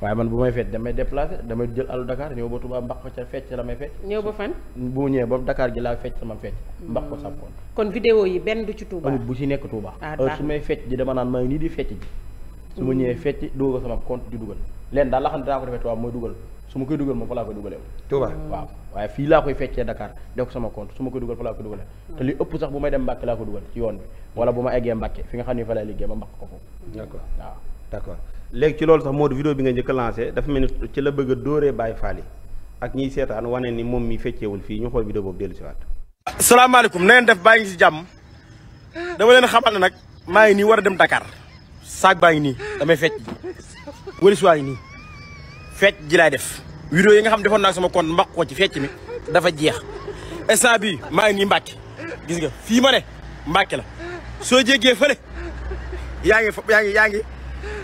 waaye man bu may fecc damay déplacé damay jël àllu Dakar ñëw ba Touba mbax ko ca fecc la may fecc ñëw ba fan bu mu ñëwee ba Dakar gi laa fecc sama fecc mbax ko kon vidéo yi benn du ci Touba amul bu ci nekk Touba ah, su may fecc ji dama naan maa ngi nii di fecc ji su ma ñëwee fecc dugal ko sama compte di dugal leen daal la xam ne dinaa ko defee Touba mooy dugal su ma koy dugal moom fa laa koy dugalee Touba mm. waaw waaye fii laa koy feccee Dakar def ko sama compte su ma koy dugal fa laa koy dugalee mm. te li ëpp sax bu may dem Mbàkke laa koy dugal ci yoon bi wala bu ma eggee Mbàkke fi nga ne fa lay liggéey ma mbàkk ko foofu d'accord waaw d'accord léegi ci loolu sax moo di vidéo bi nga njëkk a lancé dafa mel ni ci la bëgg a dóoree Baye Fall yi ak ñiy seetaan wane ni moom mi fecceewul fii ñu xool vidéo boobu dellu si waat salaamaaleykum na ngeen def baa ngi si jàmm dama leen xamal ne nag maa a dem fecc ji def vidéo yi nga xam defoon naa sama kon mbaq ko ci fecc mi dafa jeex instant bi maa ngi nii Mbàkke gis nga fii ma ne Mbàkke la soo jéggee fële yaa ngi yaa ngi yaa ngi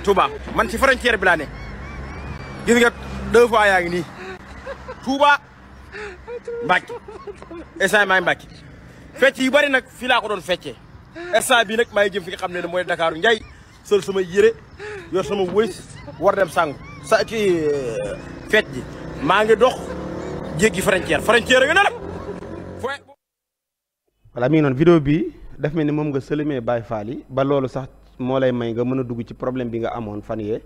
Touba man ci frontière bi laa ne gis nga deux fois yaa ngi nii Touba Mbàkke instant maa ngi Mbàkke fecc bari nag fii laa ko doon feccee instant bi nag maa ngi jëm fi nga xam ne ne mooy Dakaaru njay sol sama yére yor sama wëys war dem sàngu sa ci euh, fet ji maa ngi dox jéggi frontière frontière nga ne rek. voilà mi ngi noonu video bi daf mel ni moom nga sëlëmee Baye faal yi ba loolu sax moo lay may nga mën a dugg ci problème bi nga amoon fan yee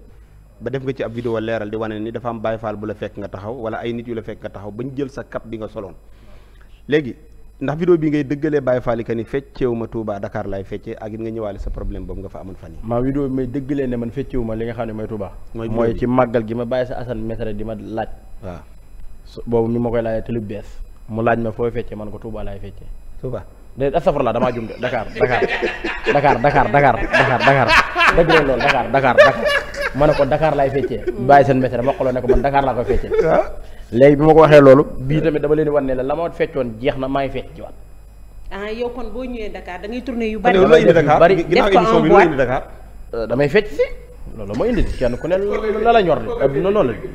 ba def nga ci ab vidéo leeral di wane ni dafa am Baye Fall bu la fekk nga taxaw wala ay nit yu la fekk nga taxaw ba ñu jël sa cap bi nga soloon léegi. ndax vidéo bi ngay dëggalee Baye Fall que ni fecceewu ma Touba Dakar laay feccee ak it nga ñëwaale sa problème boobu nga fa amoon fan yi maa bi may dëggalee ne man fecceewu li nga xam ne mooy Touba mooy ci màggal gi ma bàyyi sa Assane Mesere di ma laaj waaw boobu mi ma koy laajee te lu bees mu laaj ma foo feccee man ko Touba laay feccee Touba de astafurla damaa jum de Dakar Dakar Dakar Dakar Dakar Dakar Dakar dëgg leen loolu Dakar Dakar Dakar ma ne ko Dakar laay feccee bàyyi seen Mesere ma xooloo ne ko man léegi bi ma ko waxee loolu bii tamit dama leen di wan ne la la ma feccoon jeex na maay fecc ci ah yow kon boo ñëwee Dakar da ngay tourné yu bari def ko en boîte euh, damay fecc loolu moo indi kenn ku ne la la ñor de adduna loolu euh, la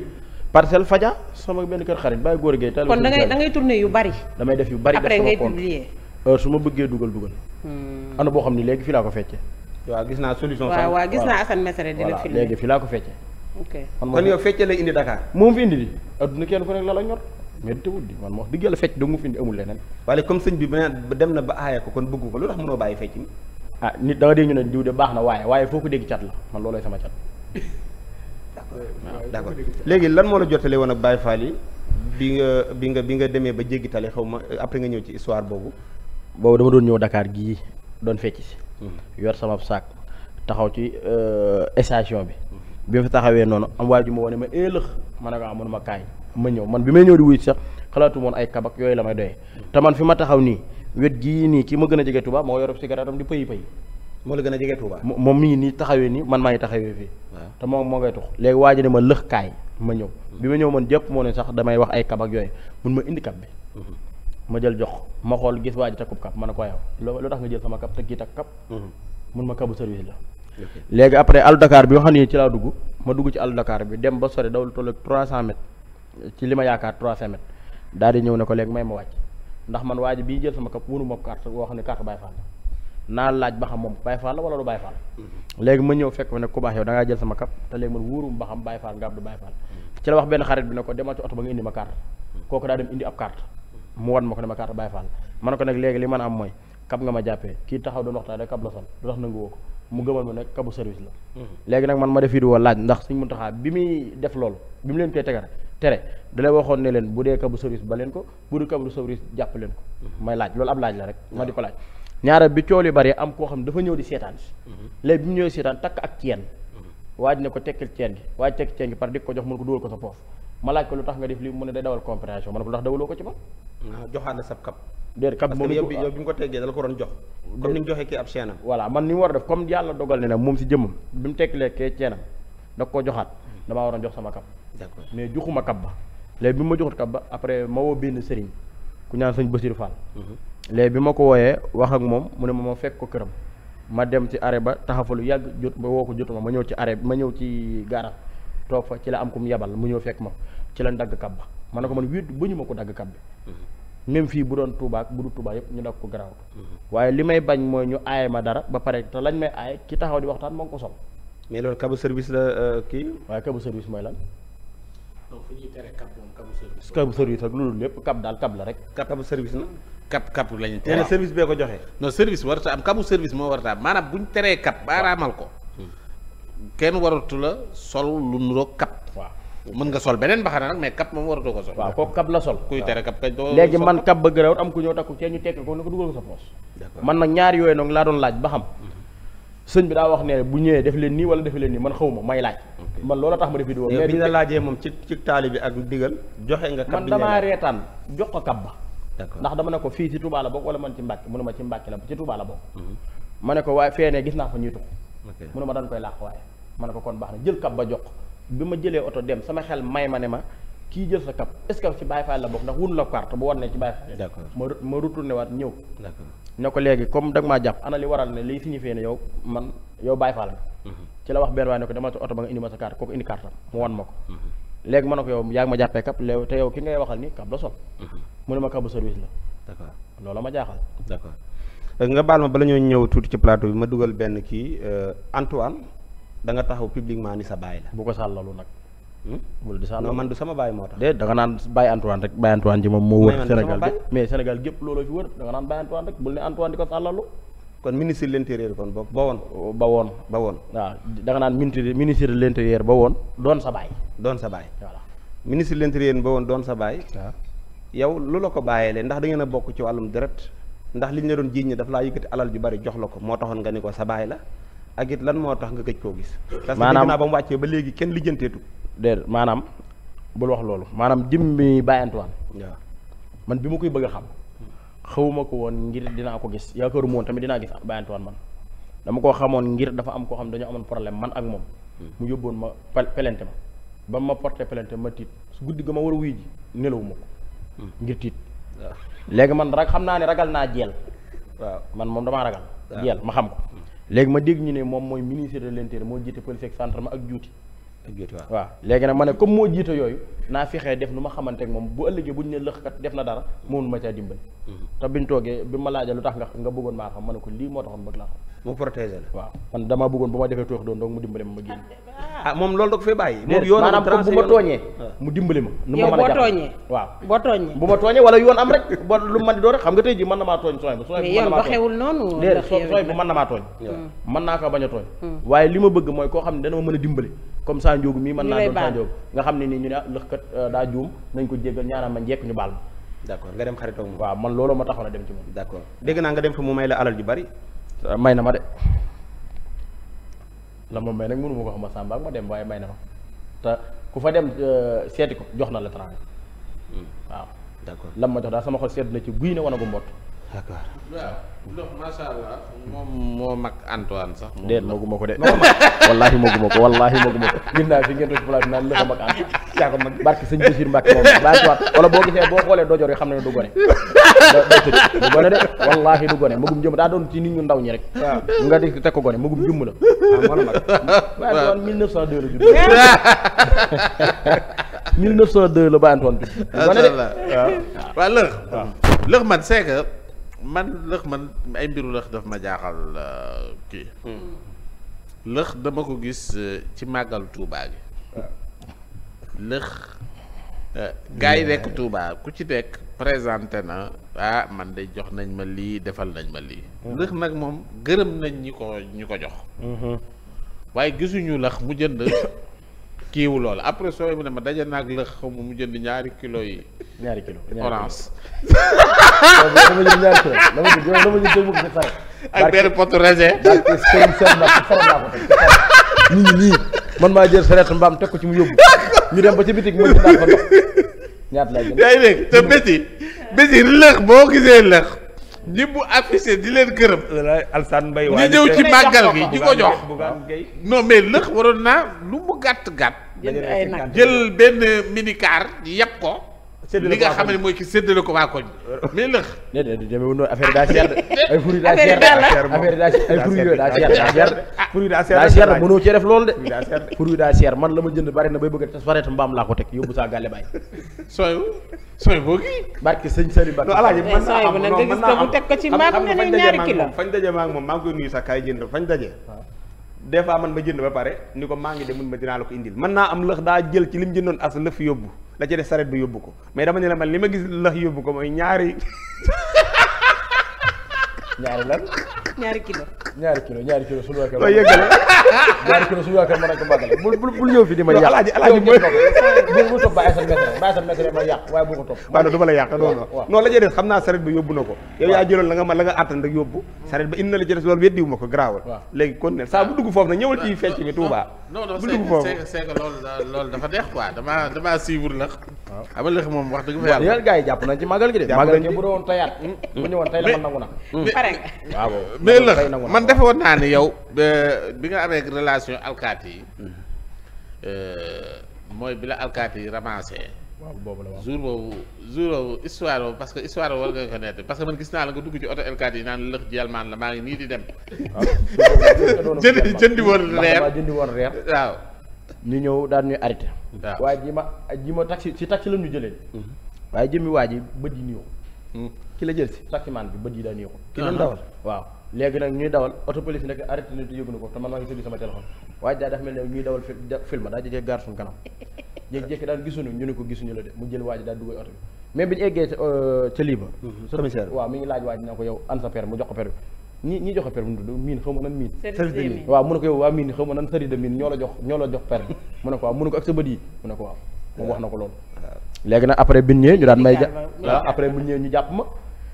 parcelle faja sama benn kër xarit bàyyi góor géey kon da ngay da ngay tourné yu bari damay def yu bari après ngay publier heure su ma bëggee dugal dugal hmm. ana boo xam ne léegi fii laa ko feccee waaw gis naa solution waaw gis naa Assane Mesere di la fii laa ko feccee ok kon yow fecce lay indi Dakar. moom fi indi di adduna kenn ku nekk la la ñor mais teewul di man wax dëgg yàlla fecc da mu fi indi amul leneen. wala comme sëñ bi dem na ba aaya ko kon bëggu ko lu tax bàyyi fecc mi. ah nit da nga dégg diw de baax na waaye waaye foo ko dégg cat la man loolooy sama cat. [LAUGHS] d' accord léegi lan moo la jotalee woon ak Baye Fall yi bi nga bi nga bi nga demee ba jéggi tali xaw ma après nga ñëw ci histoire boobu. boobu dama doon ñëw Dakar gii doon fecc si. Hmm. yor sama saak taxaw ci euh, station bi. bi ma fi taxawee noonu am waa ji ma wone ma éelëx eh, ma ne ko ah, ma kaay ma ñëw man bi may ñëw di wuy sax xalaatu ay kabak yooyu la may doyee te man fi ma taxaw nii wet gii nii ki ma gën a jege Touba moo yorob sigaraatam di pëyi pëyi moo la gën a jege Touba moom mi ngi nii taxawee nii man maa ngi taxawee fii te moo moo ngay tux léegi waa ji ne ma lëx kaay ma ñëw bi ma ñëw man jëpp moo ne sax damay wax ay kabak yooyu mun ma indi kab mhm. ma jël jox ma xool gis waa ji takkub ma ne ko yow lu tax nga jël sama kap te kii takk kap mhm. mun ma kabu service la léegi après Al Dakar bi nga xam ne ci laa dugg ma dugg ci Al Dakar bi dem ba sori dawul toll ak 300 mètres ci li ma yaakaar 300 mètres daal di ñëw ne ko léegi may ma wàcc ndax man waa ji bii jël sama kap wunu ma carte boo xam ne carte Baye Fall laaj ba xam moom Baye Fall la wala du Baye Fall mm-hmm. léegi ma ñëw fekk ma ne ku baax yow da ngaa jël sama kap te léegi man wóorum ba xam Baye Fall nga ab du Baye Fall mm-hmm. ci la wax benn xarit bi ne ko demal ci oto ba nga indi ma carte mm-hmm. kooku daa dem indi ab carte mu wan ma ko ne léegi li man am mooy kap nga ma jàppee kii taxaw doon waxtaan rek kap la sol ko mu gëmal ma nag kabu service la mhm. léegi nag man ma def vidéo laaj ndax suñ Muntaxa bi muy def loolu bi mu leen koy tegal tere da waxoon ne leen bu dee kabu service ba leen ko bu dee kabu service jàpp leen ko mhm. may laaj loolu ab laaj la rek ma di ko laaj ñaara bi cool yu bari am koo xam dafa ñëw di seetaan si mhm. léegi bi mu ñëw seetaan takk ak ceen waaj ne ko tekkal ceen gi waaj tekk ceen gi par dik ko jox mën ko dugal ko sa poof ma laaj ko lu tax nga def lii mu ne day dawal compréhension ma ne déet kat moom yow bi nga ko teggee dala ko doon jox comme ni nga joxee kii ab ceenam voilà man ni war a def comme yàlla dogal ne nag moom si jëmmam bi mu tekkilee kee ceenam da ko joxaat damaa waroon jox sama kab d'accord mais joxuma kab ba léegi bi ma joxut kab ba après ma woo benn sëriñ ku ñaan sëñ Basiru Fall mhm. léegi bi ma ko wooyee wax ak moom mu ne ma ma fekk ko këram ma dem ci arrêt ba taxa lu yàgg jot ba woo ko jotuma ma ñëw ci arrêt ma ñëw ci garage toog fa ci la am ku mu yebal mu ñëw fekk ma ci la dagg kab ba ma ne ko man wéet ba ñu ma ko dagg kab bi mhm. même fii bu doon Touba bu du Touba yëpp ñu dagg ko garaaw mhm. waaye li may bañ mooy ñu aaye ma dara ba pare te lañ may aaye ki taxaw di waxtaan moo ko sol. mais loolu kabu service la euh, kii. waaye kabu service mooy lan. donc fu ñuy tere kab kabu service. loolu lépp kab daal kab la rek. service la. kap kap lañu tere nee service bee ko joxe. non service warta am kabu service moo warta am maanaam bu ñu teree kap baaraamal ko. Hmm. kenn waratu la sol lu nuroog kap. mën nga sol beneen mbaxana nag mais kap moom waratoo ko sol. waaw kooku kap la sol. kuy tere kap kañ doo léegi man kap bëgg rawat am ku ñëw takku cee ñu tekk ko ne ko dugal ko sa poos. man nag ñaar yooyu noonu laa doon laaj ba xam. sëñ bi daa wax ne bu ñëwee def leen nii wala def leen nii man xawma may laaj. man loola tax ma def vidéo. mais bi ñu la laajee moom ci man damaa reetaan jox ko kap ba. ndax dama ne ko fii ci Touba la bokk wala man ci Mbàkke mu ne ma ci Mbàkke la mhm. ko waaye fee ne gis naa fa ñuy ma daan koy làq ko kon baax na jël kap ba jox bi ma jëlee oto dem sama xel may ma ne ma kii jël sa kap est ce que ci Baye Fall la bokk ndax wun la carte bu war ne ci Baye Fall. d'accord ma ma retourné waat ñëw. ne ko léegi comme danga maa jàpp ana li waral ne liy signifié ne yow man yow Baye Fall la. Mhm. ci la wax benn waay ne ko dama ci oto ba nga indi ma sa carte kooku mu wan ma ko. Mhm. léegi ma ne ko yow yaa ma jàppee kap léegi te yow ki ngay waxal ni kap la sol. Mhm. mu ne ma kap bu service la. d'accord loola ma jaaxal. d'accord nga baal ma bala ñoo ñëw tuuti ci plateau bi ma danga nga taxaw publiquement ni sa baay la. bu ko sàllalu nag. Hmm? bul di sàllalu non man du sama baay moo tax. de da nga naan Baye Antoine rek Baye Antoine ji moom moo wër Sénégal gépp mais Sénégal gépp looloo fi wër da nga naan Baye rek bul ne Antoine di ko sàllalu. kon ministre de l'intérieur kon boobu ba woon. ba woon ba woon. waaw da nga naan ministre ministre de ba woon doon sa baay. doon sa baay. voilà ministre de l'intérieur ba woon doon sa baay. yow lu la ko bàyyeelee ndax da ngeen a bokk ci wàllum deret ndax li ñu la doon jiiñ ne daf laa yëkkati alal bari jox la ko moo taxoon nga ni ko sa baay la ak it lan moo tax nga gëj koo gis. maanaam ba mu wàccee ba léegi kenn lijjanteetu. déedéet maanaam bul wax loolu maanaam jëm bi Baye Antoine. man bi mu koy bëgg xam. xawuma ko woon ngir dinaa ko gis yaakaaru woon tamit dinaa gis Baye Antoine man dama koo xamoon ngir dafa am koo xam dañoo amoon problème man ak moom. Hmm. mu yóbboon ma pelente ma ba ma porté pelente ma tiit su guddi ga ma war a wuy ji nelawu ma ko. Hmm. ngir tiit. léegi man rag xam naa ne ragal naa jeel. man moom damaa ragal. jeel ma xam ko. Hmm. léegi ma dégg ñu ne moom mooy ministère de l'intérieur moo jiite police ak centre ak juuti ak juuti waaw léegi nag ma ne comme moo jiite yooyu naa fexee def nu ma xamante ak moom bu ëllëgee buñ ne lëxkat def na dara mënul ma caa dimbali mhm. te biñ toogee bi ma laajee lu tax nga nga bëggoon maa xam ma ne ko lii moo tax bëgg laa xam mu protégé waaw man damaa bëggoon ba ma defee toox doon donc mu dimbale ma ma génn ah, ah moom loolu da ko fee bàyyi moom yoon maanaam comme bu ma tooñee mu dimbale ma nu ma mën a boo tooñee waaw ma tooñee man hmm. naa ko bañ a tooñ hmm. waaye li ma bëgg mooy koo xam ne dana ma mën a dimbale comme saa njóogu mii mën naa doon saa njóogu nga xam ne nii ñu ne ah, lëxkat euh, daa juum nañ ko jéggal ñaanam ma njekk ñu baal ma d'accord nga dem xaritoog moom waaw man loolu ma taxoon a dem ci moom d'accord dégg naa nga dem fa mu may Ah, may na ma de la moom may nag mënu ma ko xam ma sàmba ak ma dem waaye may na ma te ku fa dem euh, seeti ko jox na la teraanga hmm. waaw d'accord lam ma jox daal sama xol sedd na ci guy ne wan a gu mbott d'accord waaw ndox macha allah moom moo mag Antoine sax. déet maguma ko de non ma maguma ko wallaahi maguma ko. gis naa fi ngeen doon fulaat naan la ko mag Antoine yaa ko mag barke sëñ Bachir wala boo gisee boo xoolee dojor xam ne du gone. [LAUGHS] du gone de wallaahi du gone jëm daa doon ci nit ñu ndaw ñi rek. nga di teg ko gone magum jëmm la. ah moo la mag waaye Antoine 1902 la judd. 1902 [LAUGHS] la ba Antoine judd. lëx. man c'est man lëx man ay mbiru lëx daf ma jaaxal euh, kii. Hmm. lëx dama ko gis euh, ci màggal Touba gi. Hmm. lëx. Euh, gars yi nekk tuubaa ku ci dekk présenté na ah man de jox nañ ma lii defal nañ ma lii. Hmm. lëx nag moom gërëm nañ ñi ko ñi ko jox. waaye gisuñu lëx mu jënd. [COUGHS] kiiwu loolu après sooy mu ne ma daje naag lëx xaw ma mu jënd ñaari kilos yi. ñaari kilos orange. dama jël ñaari kilos dama jël yow dama jël tegu ko ak benn potu raisin. nit ñi man maa jël sareet mbaam teg ko ci mu yóbbu ñu dem ba ci bitik ma jëndaat fa ndox ñaata lay jënd. yaa ngi dégg te bési bési lëx boo gisee lëx. ñi bu affiché di leen gërëm. Alsaan Mbay ñu ñëw ci màggal gi di ko jox. non mais lëx waroon na lu mu gàtt gàtt. jël benn minicar yàpp ko. li nga xam ne mooy ki séddale ko waa koñ mais lëx déedéet demeewul noonu affaire daa cher ay fruit daa cher daa cher ay fruit daa daa cher ah, daa cher daa cher mënoo cee def loolu de fruit daa cher man la ma jënd bari na bay bëgg a tas mbaam laa ko teg yóbbu saa gàlle baay sooy sooy boo gi barke sëñ Saliou Mbacké alaaji eh, mën naa am bu teg ko ci mbaam ne ñaari kilo fañ daje maag moom maa ngi koy nuyu sax kaay jënd fañ daje des fois man ma jënd ba pare ni ko maa ngi de mun ma dinaa la ko indil mën naa am lëx daa jël ci li mu jëndoon as lëf yóbbu la ci def saret bi yóbbu ko mais dama ne la man li ma gis lëx yóbbu ko mooy ñaari ñaari lan. ñaari kilo. ñaari kilo ñaari kilo a bul bul fi di ma yàq. alaaji alaaji la yàq non non. la jee xam naa saret bi yóbbu na ko. yow yaa jëloon la nga ma la nga àttan rek yóbbu. saret ba indi na la ci des loolu weddiwu ko garaawal. léegi kon ne saa bu dugg foofu nag ñëwal ci fecc mi Tuubaa non non c'est que loolu loolu dafa neex quoi damaa damaa suivre lëx. waaw xam nga moom wax dëgg fa yàlla. yéen gars yi jàpp nañ ci magal gi de. magal gi bu doon tayaat. Mm. bu ñëwoon tey la man nangu na. pare waaw [LAUGHS] mais lëx man defoon naa ne yow. bi nga amee relation alkaati yi. Mm. Euh, mooy bi la alkaati yi ramassé. waaw boobu la waaw jour histoire boobu parce que histoire boobu nga ko nett parce que man gis naa la nga dugg ci oto L4 yi naan lëx jelmaan la maa ngi nii di dem. Ah. [LAUGHS] waaw jëndi woon reer waaw. ñu ñëw daan ñuy arrêté. waaw ji ma ji ma taxi si taxi la jëlee. Mhm. waaye jëmmi waa ji bët yi nii ko. Mhm. ki la jël si taximaan bi bët yi daa nii ko. Ah. ki doon dawal ah. waaw. léegi nag ñuy dawal oto police nekk arrêté nit yëgunu ko te maa ngi sëgg sama téléphone waaye daa def mel ne dawal film daa jege gaar suñu kanam [LAUGHS] jékki-jékki daal gisuñu ñu ne ko gisuñu la de mu jël waa daal dugal oto bi mais bi euh, mhm. laaj waa ji na ko yow an sa per jox ko per bi ñi ñi joxe miin xaw ma nan miin waaw mu ne ko yow waa miin xaw ma nan service de miin ñoo la jox ñoo la jox per bi [LAUGHS] mu ne ko waaw mu ne ko ak sa bët yi mu na ko loolu léegi nag après bi ñu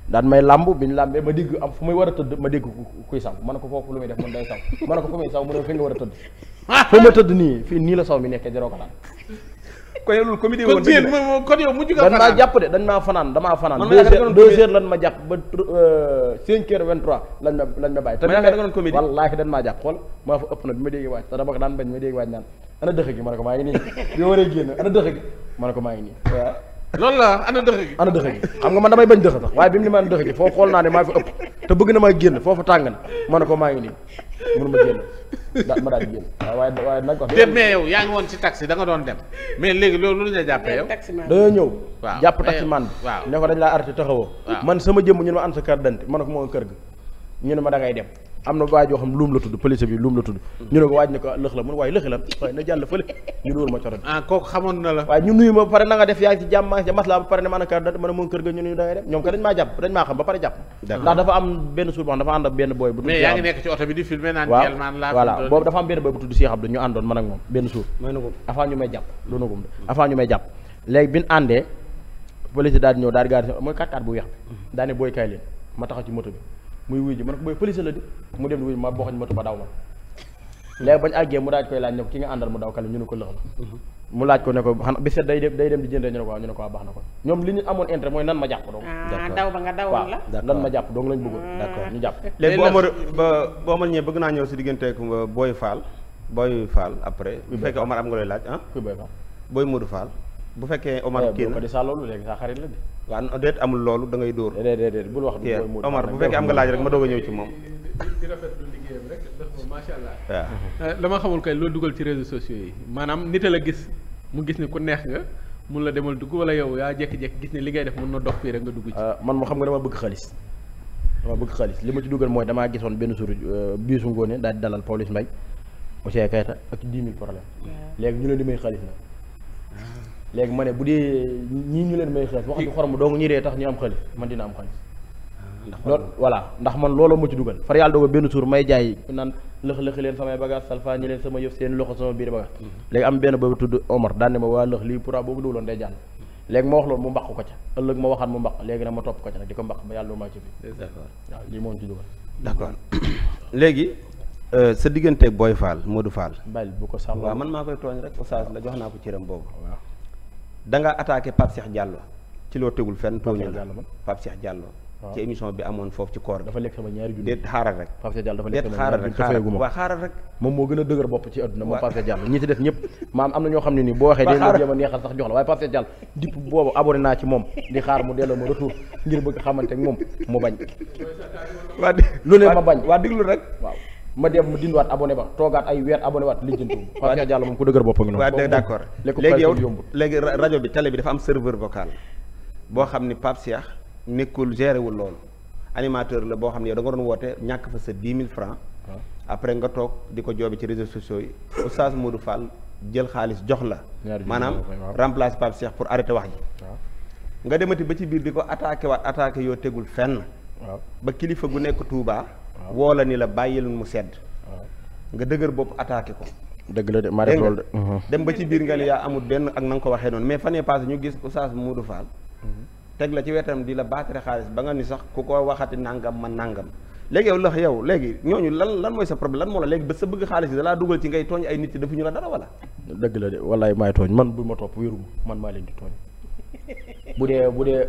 daan may làmb bi ñu làmbee ma digg am fu muy war a tëdd ma dégg kuy saw ma ne ko foofu lu muy def man day saw ma ne ko fu muy saw a [LAUGHS] ko naan damaa fanaan lan ma jàpp ba euh, ma lañ ma bàyyi tamit ma déggee waaj naan ana dëkk gi ma ko maa ngi nii bi waree génn ana dëkk gi ma ko maa ngi nii loolu la ana dëx gi ana dëx gi xam nga man damay bañ dëx sax waaye bi mu ne ma ana dëx gi foofu xool naa ne maa fi ëpp te bëgg na maa génn foofu tàng na ma ne ko maa ngi nii mënu ma génn daal ma daal di génn waaye waaye nag wax dëgg mais yow yaa da nga doon dem mais léegi loolu lu ñu la ñëw waaw jàpp taxi eh, man waaw ne ko dañ laa arrêté taxawoo man sama jëmm an sa carte d'identité ma ne ko kër gi ñu ne ma da ngay dem am na waaj yoo xam luum la tudd police bi luum la tudd mm. ñu ne ko waaj ne ko lëx la mun waaye lëxi la waaye na jàll fële ñu dóor ma coro ah kooku xamoon na ma pare na nga def yaa ngi ci jàmm maa ba pare ne ma a moom kër ga ñu nuyu da bu weex bi mm. booy kaay leen ma taxaw ci moto bi muy wuy ji man ko booy police la di mu dem di wuy ma boo xañ moto ba daw ma léegi bañ àggee mu daaj koy laaj ne ko ki nga àndal mu daw kale mu laaj ko ne ko xanaa bi set day dem day dem di jëndee ñu ne ko waaw ñu ne ko waaw baax na ko ñoom ma jàpp donc ah, daw ba nga dawoon la waaw nan ma jàpp donc lañ bëggoon ah. d'accord ñu jàpp léegi uh, après bu fekkee Omar am nga looy laaj ah? booy Boy Modou Fall bu fekkee Omar oh, kii na sa loolu léegi sa xarit la de. waaw déet amul loolu dangay dóor. déet déet déet bul wax du Omar bu fekkee am nga laaj rek ma doog a ñëw ci moom. di rafet du liggéeyam rek ndax euh, xamul kay loolu dugal ci réseaux sociaux yi maanaam nit a la gis mu gis ni ku neex nga mun la demal dugg wala yow yaa jékki-jékki gis ne li ngay def mun na dox fii rek nga dugg ci. Euh, man moo xam nga dama bëgg xalis dama bëgg xalis li ma ci dugal mooy damaa gisoon benn suur biisu euh, ngóone daal di dalal Pawlish Mbaye Ouzin Keita ak 10 problème léegi ñu leen di may xaalis nag léegi ma ne bu dee ñii ñu leen may xaalis wax ci xorom dong ñi dee tax ñu am xaalis man dina am xaalis loolu ndax man looloo ma ci dugal far yàlla ko benn suur may jaay naan lëx-lëxi leen samay bagage salfaa ñi leen sama yëf seen loxo sama biir bagage mm-hmm. léegi am benn boobu tudd Omar daan ne ma waa lëx lii pourra boobu dugaloon day jàll léegi ma wax loolu mu mbaq ko ca ëllëg ma waxaat mu mbaq léegi nag ma topp ko ca di ko mbaq ba yàlla maa ci bi waaw lii moom ci dugal [COUGHS] léegi euh, sa digganteeg Boy Fall Modou Fall bàyyi bu ko sàll waaw man maa koy tooñ rek oustaz la jox naa ko cëram boobu waaw danga nga attaqué Pape Cheikh ci loo tegul fenn tooñu la Pape Cheikh Diallo ci émission bi amoon foofu ci koor dafa lekk sama ñaari junni déet xaaral moo gën a dëgër bopp ci àdduna moom def ñëpp maam am na ñoo xam ne nii boo waxee [LAUGHS] dañ la jéem a neexal sax jox la waaye Pape Cheikh dipp boobu abonné naa ci moom di xaar mu delloo ma retour ngir bëgg xamante ak moom mu bañ lu ne ma bañ waa déglu rek waaw ma dem mu dindiwaat abonné ba toogaat ay weer abonné waat lijjantu Pape Cheikh Diallo moom ku dëgër bopp ngi noonu d'accord léegi yow léegi rajo bi télé bi dafa am serveur vocal boo xam ni Pape Cheikh nekkul géré wul loolu animateur la boo xam ne yow da doon woote ñàkk fa sa dix mille francs ah. après nga toog di ko joobi ci réseaux sociaux yi Oustaz Modou Fall jël xaalis jox la maanaam remplace Pape Cheikh pour arrêter wax ji ah. nga demati ba ci biir di ko attaqué waat attaqué yoo tegul fenn ah. ba kilifa gu nekk Touba woo la ni la bàyyilun mu sedd nga dëgër bopp attaqué ko dëgg la de maa def loolu de mhm. dem ba ci biir nga ni yaa amul benn ak na nga ko waxee noonu mais fanee passé ñu gis oustaz Modou Fall mhm. teg la ci wetam di la baatare xaalis ba nga ni sax ku ko waxati nangam ma nangam léegi yow lax yow léegi ñooñu lan lan mooy sa problème lan moo la léegi ba sa bëgg xaalis da laa dugal ci ngay tooñ ay nit yi dafa ñu la dara wala dëgg la de wallaay maay tooñ man bu ma topp wéeru man maa leen di tooñ bu dee bu dee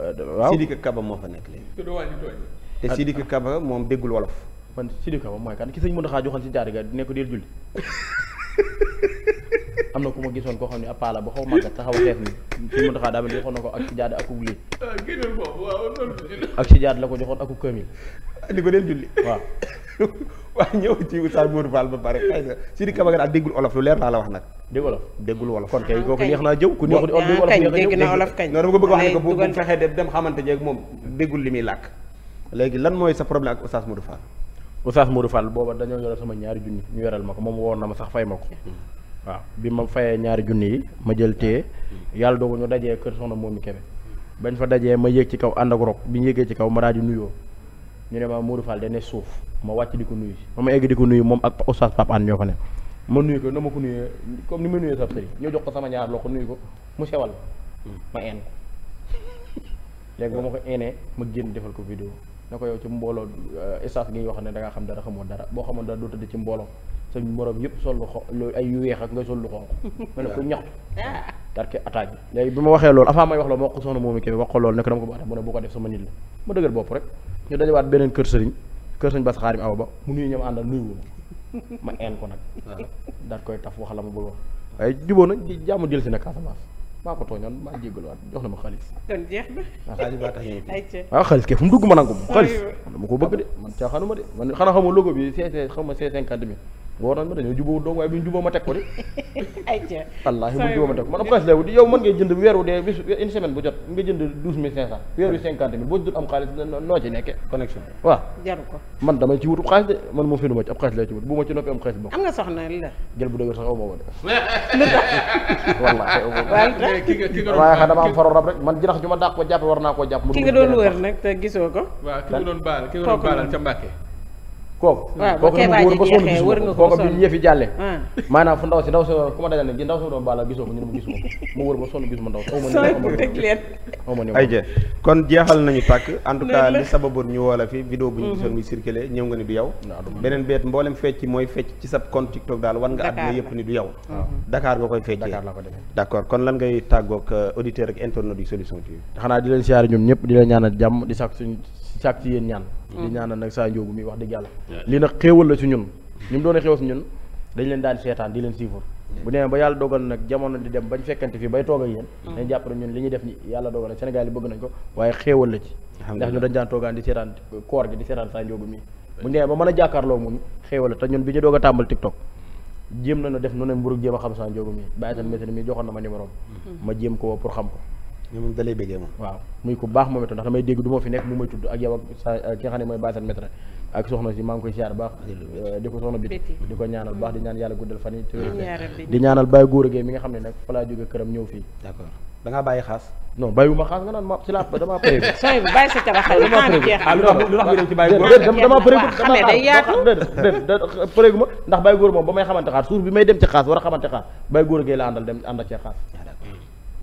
euh, Sidiki Kaba moo fa nekk léegi te ah. Sidiki Kaba moom déggul wolof. man Sidiki Kaba mooy kan ki sëñ Mountakha joxoon si jaariga ne ko deel julli [LAUGHS] am na ku ma gisoon koo xam ne ab paala bu xaw màggat taxaw xeef ni sëñ Mountakha daa mel joxoon na ko ak si jaade ak ub ah, lii ak si jaade la ko joxoon ak ub këmil ni [LAUGHS] ko waaw [LAUGHS] waaw ñëw ci Oustaz Modou Fall ba pare xëy na Sidiki Kaba nga daal déggul olof lu leer laa la wax nag dégg olof déggul ah, neex naa jëw ku ko bëgg wax ne ko bu dem xamante moom déggul li muy làkk léegi lan mooy sa problème ak Oustaz Modou Fall. Oustaz Modou Fall booba dañoo yore sama ñaari junni ñu yoral ma ko moom woon na ma sax fay ma ko. Hmm. waaw bi ma fayee ñaari junni yi ma jël te hmm. yàlla dogal ñu dajee kër soxna moomi kebe bañ fa dajee ma yéeg ci kaw ànd ak rok bi ñu yéegee ci kaw ma daal nuyoo ñu ne ma Modou Fall dane suuf ma wàcc di ko nuyu ma ma egg di ko nuyu moom ak Oustaz Pape Hann ñoo fa ne ma nuyu ko na ma ko nuyee comme ni ma nuyee sab sëriñ ñoo jox ko sama ñaar ko nuyu ko mu sewal hmm. ma ko léegi ma ko defal ko vidéo na ko yow ci mbooloo euh, essence gi wax ne da xam dara xamoo dara boo xamoon dara doo tëdd ci mbooloo sa moroom yëpp sol lu xo lu ay yu weex ak nga sol lu xonq ah. ma waxee loolu avant may wax la ma dëgër bopp rek ñu dajawaat beneen kër sëriñ kër sëriñ bas xaarim awa ba mu nuyu ñoom àndal nuyu ma en ko nag daat koy taf wax la ma bëgg wax waaye juboo na jàmm jël si na Casamance maa ko tooñoon maa jéggaluwaat jox na ma xaalis. kon jeex na. Ah, xaalis baa tax ñu ngi waaw ah, xaalis mu dugg ma nangu ko xaalis. dama ko bëgg de man caaxaanuma de man xanaa xamul logo bi c'est c'est xam nga c'est waroon ma dañoo jubóo doog waaye bu ñu jubóo ma teg ko de. [LAUGHS] ayca wallaahi bu ñu ma teg ko man après léegi yow mën ngay jënd weeru dee bis une semaine bu jot nga jënd douze mille cinq cent weer yu cinquante mille boo dul am xaalis noo ci nekkee connexion waaw man damay ci wut xaalis de man moom fi nu ma ci ab xaalis laa ci wut bu ma ci noppi am xaalis bokk am nga soxna la jël bu dëgër sax aw ma woon de waaye xa dama am faro rab rek man jinax ju ma dàq ko jàpp war naa koo jàpp ki nga doon ko waaw ki nga doon baal ki nga doon baalal kooku kooku dama wër ba sonn gisuma kooku bi yëf yi jàllee maanaam fu ndaw si ndaw si ku ma dajal ne gi ndaw si doon baala gisoo ko ñu ne ma gisuma ko mu wër ba sonn gisuma ndaw si aw ma ay je kon jeexal nañu tàkk en tout cas li sababoon ñu woola fi vidéo bu ñu mhm. gisoon muy circulé ñëw nga ni yow beneen beet mboolem fecc mooy fecc ci sa compte TikTok daal ah. mhm. kon lan ngay tàggook euh, auditeur ak internaute yu solution TV xanaa di leen siyaare ñoom ñëpp di leen ñaanal jàmm di sàkk suñu sàkk ci yéen ñaan di mm. na nag saa njóobu mi wax dëgg yàlla lii nag xéewal la ci ñun ñu mu doon xéew ci ñun dañ leen daan seetaan di leen siifur bu demee ba yàlla dogal nag jamono di dem bañ fekkante fii bay toog ak yéen mm. dañ jàpp ne ñun li ñuy def ni yàlla dogal nag Sénégal yi bëgg nañ ko waaye xéewal la ci ndax ñu dañ daan toogaan di seetaan koor gi di seetaan saa njóobu mi bu demee ba mën a jàkkaarloo moom xéewal la te ñun bi ñu doog a tàmbal TikTok jéem nañu def nu ne mburug jéem a xam saa njóobu mi bàyyi tam météo mi joxoon na ma numéro mm-hmm. ma jéem ko pour xam ko moom dalay bëggee moom waaw muy ku baax moom itam ndax damay dégg du ma fi nekk mu may tudd ak yow ak sa ki nga xam ne mooy baasan métre ak soxna si maa ngi koy siyaar baax euh, di ko soxna biti di ko ñaanal baax di ñaan yàlla guddal fan yi di ñaanal bàyyi góor a mi nga xam ne nag fa laa jóge këram ñëw fii d'accord bàyyi xaas non bàyyiwuma xaas nga naan ma ci laa damaa pare sooy bu lu tax nga dem ci bàyyi góor dama pare xamee pare gu ma ndax bàyyi góor moom ba may xamante xaas suuf bi may dem ci xaas war a xamante xaas bàyyi góor a la àndal dem ànd ak ci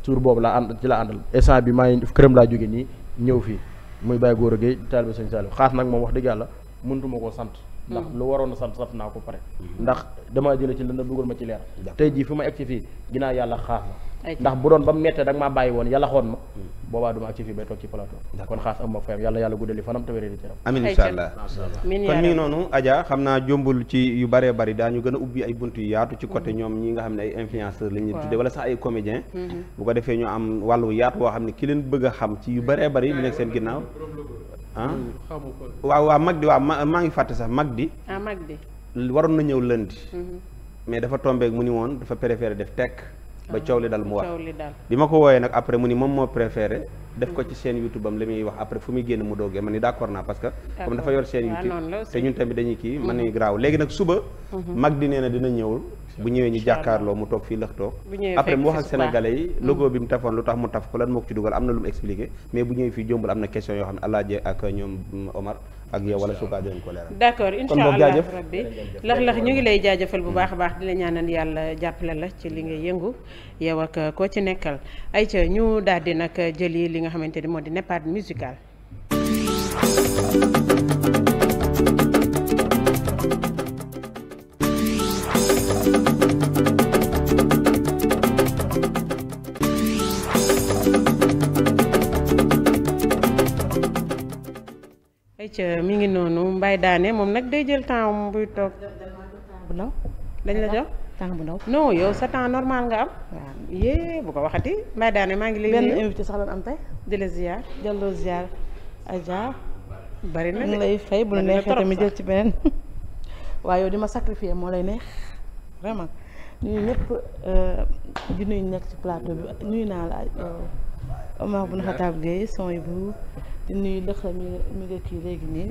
suur boobu laa ànd ci laa àndal instant bi maa ngi këram laa jóge nii ñëw fii muy bàyyi góor a géey taalibe sëñ Saliou xaas nag moom wax dëgg yàlla mënutuma ko sant ndax hmm. lu waroon a sant sant naa ko pare hmm. ndax damaa jële ci lënd dugal ma ci leer tey jii fi ma egg ci fii ginnaaw yàlla xaar ma ndax bu doon ba mu mettee da maa bàyyi woon yàlla xoon ma hmm. boobaa duma ak ci fii bay toog ci plateau kon xaas am ma fayam yàlla yàlla guddali fanam te wéré di teram amin incha allah kon mi noonu Adja xam naa jombul ci yu bëree bëri ñu gën a ubbi ay bunt yu yaatu ci côté ñoom ñi nga xam ne ay influenceur la ñuy tuddee wala ko defee ñu am wàllu yaatu woo xam ne ki leen bëgg a xam ci yu bëree bëri li ginnaaw ah waaw waa mag di waaw ma maa ngi fàtte sax mag di ah mag di waroon na ñëw lundi mhm. mais dafa tombeek mu ni woon dafa préféré def tekk ba ah, coow li dal mu wax bi ma ko wooyee nag après mu ni moom moo préféré def ko mhm. ci seen youtube am li muy wax après fu muy génn mu doogee ma ni d'accord naa parce que comme dafa yor seen youtube te ñun tamit dañuy kii man ni mhm. graaw léegi nag suba mag di nee na dina ñëw bu ñëwee ñu jàkkaarloo mu toog fii toog après mu wax ak sénégalais yi mm. logo bi mu tafoon lu tax mu taf ko lan moo ko ci dugal am na lu mu expliqué mais bu ñëwee fii jombul am na question yoo xam ne alaaje ak ñoom Omar ak yow wala sukaa dinañ ko leeral d'accord incha allah rabbi lax-lax ñu ngi lay jaajëfal bu baax a baax di la ñaanal yàlla jàppale la ci li ngay yëngu yow ak koo ci nekkal ay ca ñu daal di nag yi li nga xamante ni moo di neppaat musical ayca mi ngi noonu Mbaye Daane moom nag day jël temps am buy toog. dañ la jox temps bu ndaw. non yow sa temps normal nga am. waaw yee bu ko waxati Mbaye Daane maa ngi lay. benn invité sax lan am tey. di la ziar jëlloo ziar Adja. na de lay fay bu neexee tamit jël ci beneen. [LAUGHS] waaye yow di ma sacrifier moo lay neex vraiment ñun ñëpp di euh, nekk ci plateau bi nuyu naa la euh, Omar bu Naxataab Gueye son yi bu. di nuyu lëx mi mi nga kii léegi nii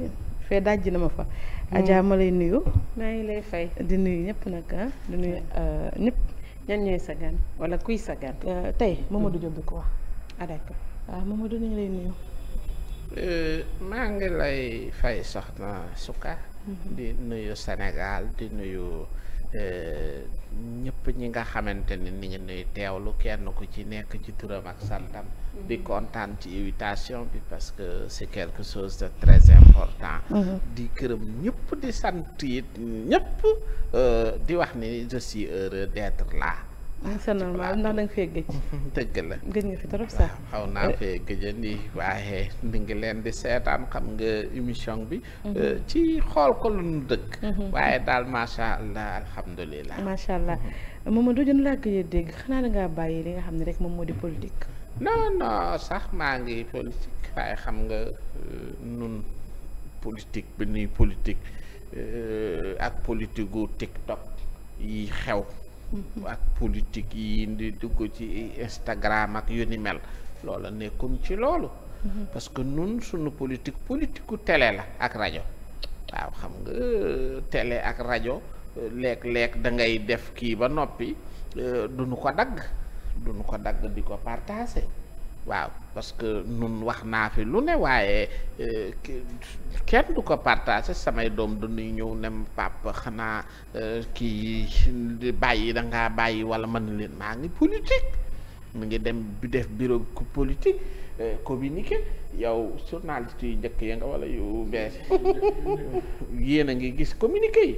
fee dajji na ma fa. Mm. Adja ma lay nuyu. maa ngi lay fay. di nuyu ñëpp nag ah di nuyu euh, ñëpp. ñan ñooy sa gan wala kuy sa gan. Euh, tey Mamadou Diop bi ko wax. ah d'accord waaw ah, Mamadou ñu ngi lay nuyu. Euh, maa ngi lay fay soxna Souka. Mm-hmm. di nuyu Sénégal di nuyu. Euh, ñëpp ñi nga xamante ni ni ñu nuy teewlu kenn ku ci nekk ci turam ak santam mm-hmm. di kontaan ci invitation bi parce que c'est quelque chose de très important mm-hmm. di gërëm ñëpp di sant it ñëpp euh, di wax ni je suis d'être là c'est normal ndax da fee gëj. [LAUGHS] dëgg la gëj nga fi trop sax. xaw naa eh. fee gëjandi waaye ni ngi leen di seetaan xam nga émission bi. Mhm. Euh, ci xool ko lu nu dëkk. Mhm. waaye daal macha allah alhamdulilah. macha allah mhm. Mamadou jën laa bàyyi li nga xam ne rek moom moo di politique. non non sax maa ngi politique waaye xam nga euh, nun politique bi nuy politique euh, ak politique gu TikTok yi xew. Mmh. ak politique yi di dugg ci Instagram ak yu ni mel loola nekkuñ ci loolu. Mmh. parce que nun sunu politique politique ku télé la ak rajo. waaw xam nga tele ak rajo léeg-léeg da ngay def kii ba noppi euh, duñu ko dagg duñu ko dagg di ko partagé. waaw parce que nun wax naa fi lu ne waaye euh, kenn du ko partagé samay doom dañuy ñëw ne papa xanaa euh, kii di bàyyi da bàyyi wala mën leen maa ngi politique mu ngi dem bi def bureau politique euh, communiqué yow journaliste yu njëkk ya nga wala yu bees [LAUGHS] yéen a ngi gis communiqué yi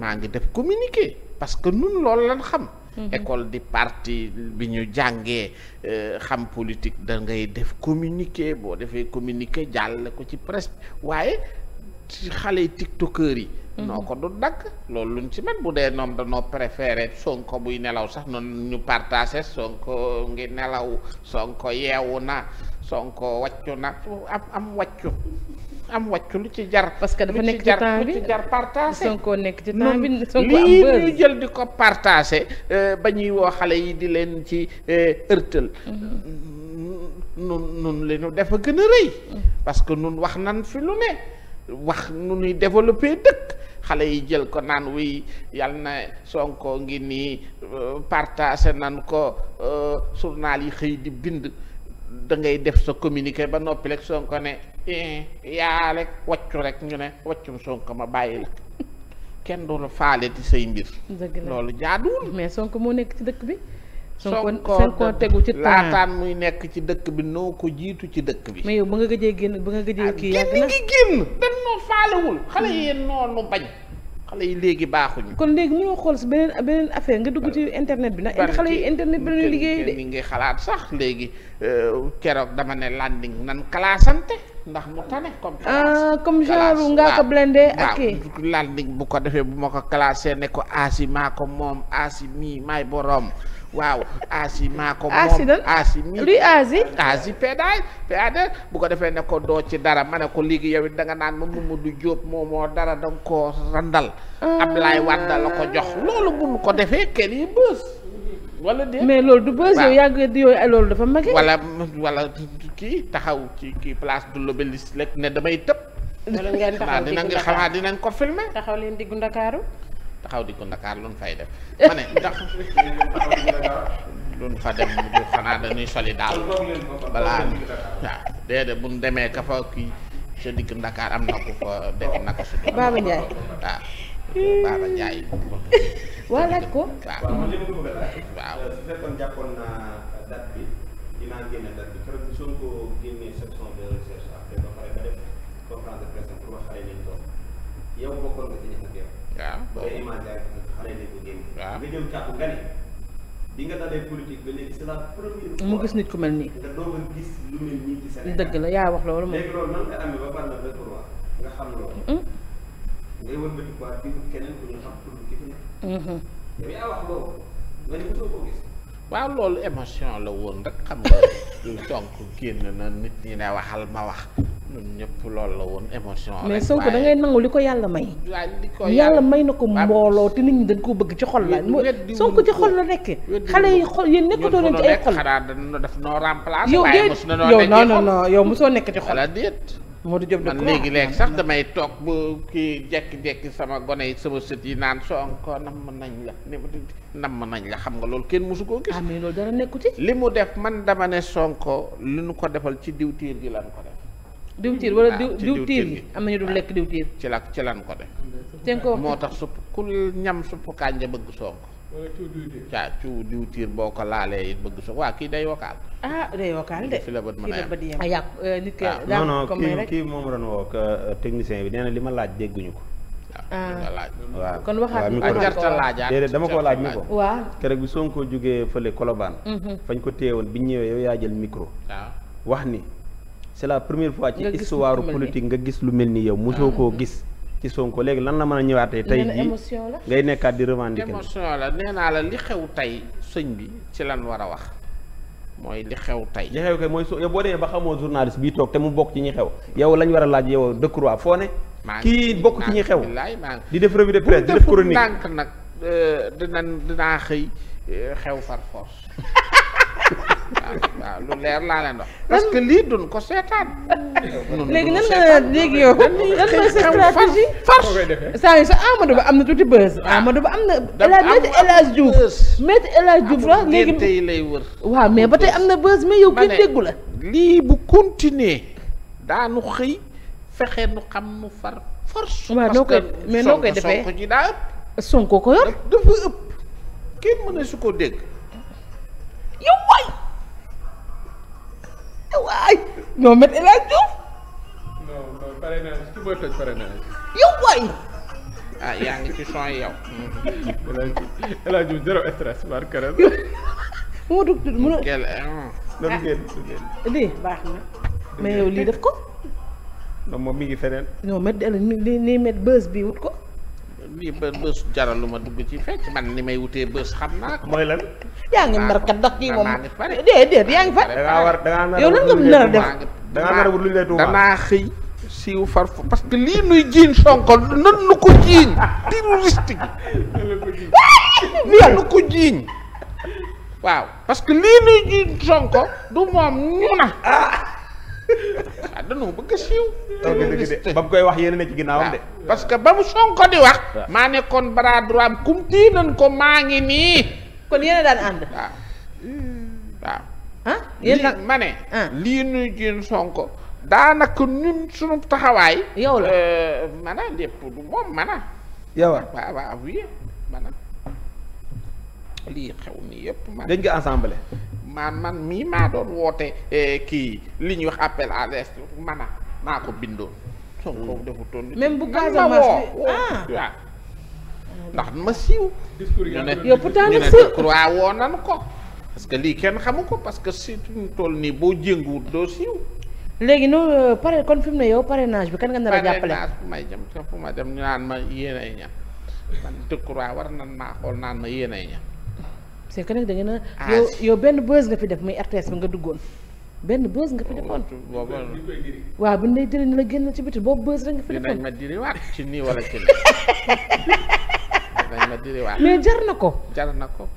maa ngi def communiqué parce que nun loolu lan xam Mhm. école di parti bi ñu jàngee euh, xam politique da ngay def communiqué boo defee communiqué jàll ko ci presse waaye xale yi kër yi. Mhm. noo ko du dagg loolu luñ ci met bu dee noom danoo préféré sonko buy nelaw sax noonu ñu partagé sonko ngi nelaw sonko yeewu na sonko wàccu na am am wàccu am wàccu lu ci jar. parce que dafa nekk ci bi lu ci jar partagé. Sonko nekk ci temps bi Sonko am lii jël di ko partagé euh, ba ñuy woo xale yi di leen ci ërtël. Euh, mm-hmm. nun nun li nu dafa gën a rëy. Mm-hmm. parce que nun wax nan fi lu ne wax nu ñuy développé dëkk. xale yi jël ko naan wuy yàlla na sonkoo ngi nii euh, partagé nan ko journal yi xëy di bind. da ngay def sa communiqué ba noppi rek Sonko ne eh, yaa rek waccu rek ñu ne waccum Sonko ma bàyyi la kenn doo la faale ci say mbir. loolu jaaduwul. mais Sonko moo nekk ci dëkk bi. ko ko tegu ci laataan muy nekk ci dëkk bi noo ko jiitu ci dëkk bi. mais yow ba nga gëjee génn ba nga gëjee ah, kii yàgg na génn génn. dañ noo faalewul xale hmm. yéen noonu bañ. xale yi léegi baaxuñu. kon léegi mënoo xool si beneen beneen affaire nga dugg ci internet bi nag. xale yi internet bi lañuy liggéey de. ngi xalaat sax léegi euh, keroog dama ne landing nan classante ndax mu tane. comme ah, classe genre nga ko blendé. ak landing bu ko defee bu ma ko classé ne ko aasi maa ko moom aasi mii maay boroom. waaw aasi maa ko moom aasi mi luy aasi aasi pédaay pédaay bu ko defee ne ko doo ci dara ma ne ko léegi yow it da naan ma Mamadou Diop moom moo dara da nga koo randal ah. Ablaye Wade la ko jox loolu buñ ko defee ken yi bës wala déet mais loolu du bës yow yàgg di yooyu eh, loolu dafa mage wala wala kii taxaw ci kii place de l'Obélisque lekk ne damay tëb wala ngeen taxaw dinañ xamaa dinañ ko filmer taxaw leen diggu Ndakaaru taxaw di ko Ndakaar lu ñu fay def [LAUGHS] ma ne ndax lu ñu fa dem du xanaa dañuy soli daal balaa waaw déedéet bu ñu demee ka fa kii sa digg Ndakaar am na ku fa def naka su dul Baba Ndiaye waaw laaj ko waaw waaw waaw nga mu gis nit ku mel nii. a gis dëgg la yaa wax loolu moom. loolu nan la vingt trois xam loolu. ngay wër wax waaw loolu émotion la woon rek xam nga. lu génn na nit ñi ne waxal ma wax. ñun ñëpp loolu la woon émotion. mais Sonko da nangu li ko yàlla may. yàlla may na ko mbooloo te nit ñi dañ ko bëgg ci xol la. Sonko ci xol la nekk. xale yi xol yéen nekkatoo leen ci ay xol. daf noo remplacé. yow déet yow non non non yow mosoo nekk ci xol. Modou Diop man léegi léegi sax damay toog bu kii jekki-jekki sama gone yi sama sët yi la xam nga loolu kenn mosu koo gis. ah mais loolu dara nekku ci. li mu def man dama ne Sonko li nu ko defal ci diwtiir gi lan ko def. diwtiir wala ah, diw diwtiir gi am na ñu dul lekk diwtiir ci la ci lan ko def te ko moo tax supp ku ñam supp kànja bëgg sonk caa ciw diwtiir boo ko laalee bëgg sonk waa day wakaal ah day wakaal ah, euh, ah. euh, bi nee na li ma laaj dégguñu ko waaw kon waxaat mi ko jarta laajaat déedéet dama ko laaj ni ko jógee fële Colobane mhm. fañ ko téye woon bi ñëwee yow yaa jël micro wax ni c'est la première fois ci histoire politique nga gis lu mel nii yow mu soo koo ah. gis ci Sonko léegi lan la mën a ñëwaatee tey jii ngay nekkaat di revendiquer émotion la nee naa li xew tey sëñ bi ci lan war a wax mooy li xew tey li xew mooy so yow boo demee ba xamoo bii toog te mu bokk ci ñi xew yow lañ war a laaj yow Decroix foo ne bokk ci xew di def revue de presse di def chronique ndànk nag euh, dinañ dinaa xëy euh, xew far force [LAUGHS] waaw leer laa leen parce que lii duñ ko seetaan. [LAUGHS] léegi nan nga léegi yow lan mooy sa stratégie. farce saa yu sa Amadou Ba am na tuuti bës. Ah. Amadou Ba am na. maître El Hadj Diouf maître El Hadj la léegi tey mais ba tey am na bës mais yow kenn déggu la. lii bu continuer daanu xëy fexe nu xam nu far force. waaw noo koy mais noo koy defee parce ko yor dafa ëpp kenn mën su ko dégg. yow waay waay non waay. Ah, yaa ngi ci son yow. El Hadj lii baax na. mais yow lii def ko. non moom mi ngi feneen. non met El bi wut ko. lii ba bës jaralu ma dugg ci fecc man ni may wutee bës xam naa ko. mooy lan. yaa ngi nar ndax kii moom déedéet yaa ngi a a far parce que lii nuy jiin nu ko jiiñ terroriste gi. nan nu ko jiiñ. waaw parce lii nuy jiin Sonko du moom ñu na. ah dañoo bëgg a siiw. ba mu koy wax yéen na ci ginnaawam de. Ah, parce que ba mu Sonko di wax. Ah. maa nekkoon bras droit am kum tii nañ ko maa ngi nii. kon yéen daan ànd. waaw waaw. ah, ah. taxawaay. yow la euh, mana lii xew nii yëpp mana. dañ ko ensemble. maan man mii maa doon woote eh, kii li ñuy wax appel à l'est man a maa ko bindoon Sonko hmm. defutoon même bu Casamance bi ah ndax ma siiw ñu ne yow pourtant ñu ne croix ko parce que lii kenn xamu ko parce que si ñu toll nii boo jénguwut doo siiw léegi noonu euh, pare kon fi mu ne yow bi kan nga nar a jàppale parrainage bu may dem ñu naan ma yéen ay ñam man naan ma yéen ay ñam c'est que nag da a. Ah, yow yow benn buzz nga fi def muy RTS bi nga duggoon. benn buzz nga fi oh, defoon. waaw bu ñu lay diri ni la génn ci biti boobu buzz dañ nga fi defoon. dinañ ma diriwaat ci nii wala ci [LAUGHS] dinañ ma diriwaat. mais jar na ko. jar na ko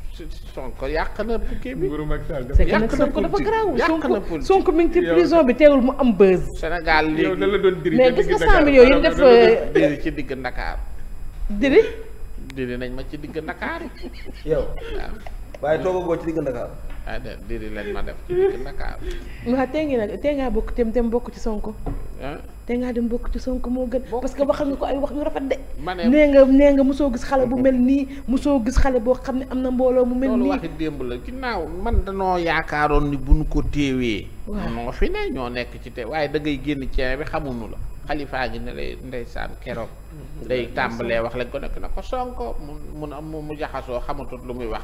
Sonko yàq na kii bi. yàq na ko dafa garaaw Sonko Sonko mi ngi ci prison bi teewul mu am buzz. Sénégal léegi yow la doon diri mais gis nga cent millions yi def. Euh, diri ci digg Ndakaar. diri. diri nañ ma ci digg Ndakaar waaye toogagoo ci digg Ndakaar. Ah, da déedéet leen ma def ci digg Ndakaar. waaw tey ngi nag tey ngaa bokk tem dem bokk ci Sonko. Ah? te ngaa dem bokk ci sonk moo gën. parce que waxal nga ko ay wax yu rafet de. ma ne nga nee nga mosoo gis xale bu mel nii mosoo gis xale boo xam ne am na mbooloo mu mel nii. loolu waxi démb la ginnaaw man danoo yaakaaroon ni bu nu ko téewee. waaw fi ne ñoo nekk ci te waaye da génn ceeb bi xamuñu la. xalifaa ngi ne lay ndeysaan keroog mm-hmm. day tàmbalee wax lañ ko nekk na ko sonko mu mu mu jaxasoo xamatut lu muy wax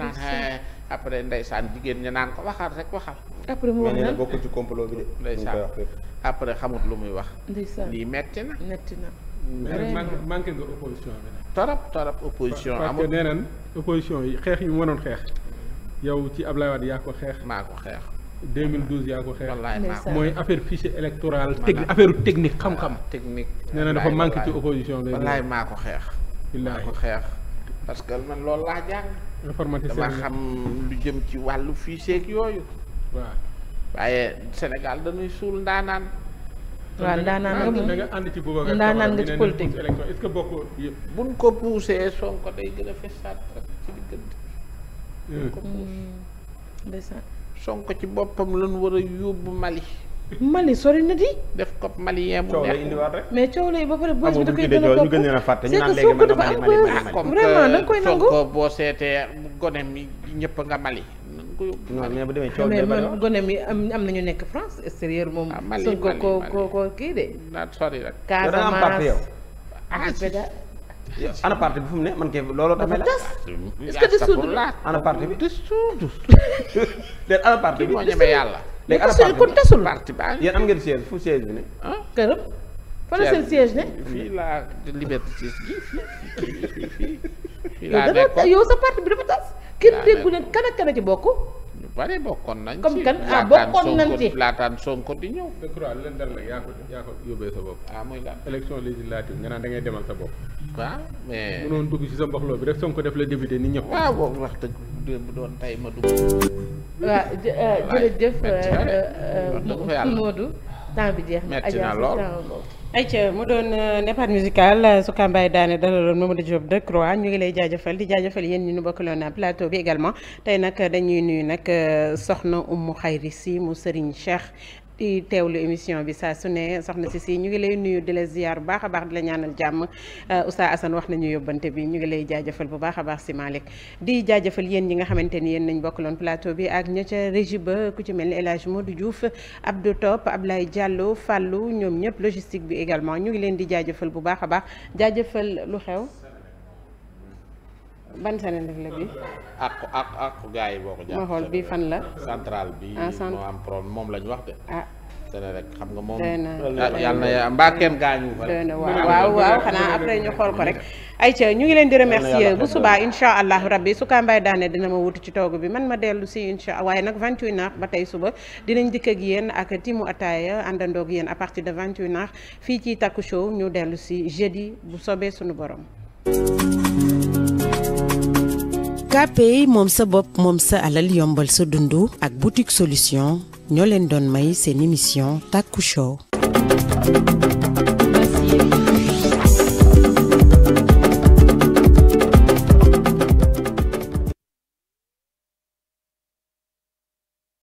naan après ndeysaan jigéen ña naan ko waxal rek waxal après mu wax na bokkul ci complot bi de ndeysaan après xamut lu muy wax lii metti na metti na manqué nga opposition bi nag torop torop opposition amul parce que opposition yi xeex yi mu mënoon xeex yow ci Ablaye Wade yaa ko xeex maa ko xeex 2012 yaa ko xeex. mooy affaire fichier électoral. technique affaire technique xam-xam. technique nee dafa manqué ci opposition bi. wallaay maa ko xeex. maa ko xeex parce que man lool laa jàng. informaticien dama xam lu jëm ci wàllu fichier yooyu. waaw waaye Sénégal dañuy suul ndaanaan. waaw ndaanaan nga nga ànd ci ndaanaan nga ci politique est-ce que bokk yëpp. ko poussé gën a fesaat rek ci diggante. buñ ko hmm. poussé. Hmm. Sonko ci boppam lan war a yóbbu Mali. Mali sori na di. def ko malien bu neex mais coow lay ba pare boos bi da koy gën a topp ñu gën a fàtte ñu naan léegi man dafa am vraiment da nga koy nangu Sonko boo seetee gone mi ñëpp nga Mali. non mais bu demee coow mais man gone mi am am nañu nekk France extérieur moom. ah Mali Mali Sonko ko ko kii de. naat sori rek. Casamance yow da nga am ana parti bi fu mu ne man kay looloo tamit la. est-ce que dissoudre la ana parti bi dissoudre. [LAUGHS] léegi ana parti bi moo ñeme yàlla. léegi ana parti bi kon tasul parti ba. yéen am ngeen siège fu siège bi ne. Ah, këram. fa la seen siège ne. fii la yow sa parti bi dafa tas. kenn déggu ne kan ak bokk. bari bokkoon nañ. comme kan ah bokkoon nañ laataan Sonko di ñëw. je crois leen dal nag yaa ko yaa ko yóbbee sa bopp. ah muy la élection législative nga naan da demal sa bopp. waaw ah, mais. mënoon dugg ci sa mboxloo bi rek ko def la député ni ñëpp. waaw boobu wax dëgg démb doon tey ma dugg. waaw euh, jërëjëf euh, euh, Modou temps bi jeex na. metti na lool ay ayca mu doon euh, départ musical euh, Souka Mbaye daane dalaloon Mamadou Diop Decroix ñu ngi lay jaajëfal di jaajëfal yéen ñu nu bokkaloon euh, plateau bi également tey nag dañuy nuyu nag soxna Umu Xayri si mu Serigne Cheikh i teew teewlu émission bi sa su ne soxna si si ñu ngi lay nuyu di la ziar bu baax a baax di la ñaanal jàmm euh, Oustaz Assane wax nañu yóbbante bi ñu ngi lay jaajëfal bu baax a baax si Malick di jaajëfal yéen ñi nga xamante ni yéen bokk bokkaloon plateau bi ak ña ca régie ba ku ci mel ni El Hadj Modou Diouf Abdou Top Ablaye Diallo Fallou ñoom ñëpp logistique bi également ñu ngi leen di jaajëfal bu baax a baax jaajëfal lu xew ban Senelec la bi àqu àqu àqu gars yi boo ko jàpp ma bi fan la centrale bi ah, moo am moom la ñu wax de ah Senelec xam nga moom yàlla ah, na ya mbaa kenn gaañu fa waaw waaw xanaa après ñu xool ko rek ayca ñu ngi leen di remercier bu subaa incha allahu rabbi su kaambay daane dina ma wutu ci toogu bi man ma dellu si incha waaye nag 21 heures ba tey suba dinañ dikk ak yéen ak timu ataaya àndandoog yéen à partir de 21 heures fii ci Taku Show ñu dellu si jeudi bu sobee suñu borom KPI moom sa bopp moom sa alal yombal sa dund ak boutique solution ñoo leen doon may seen émission Taku Show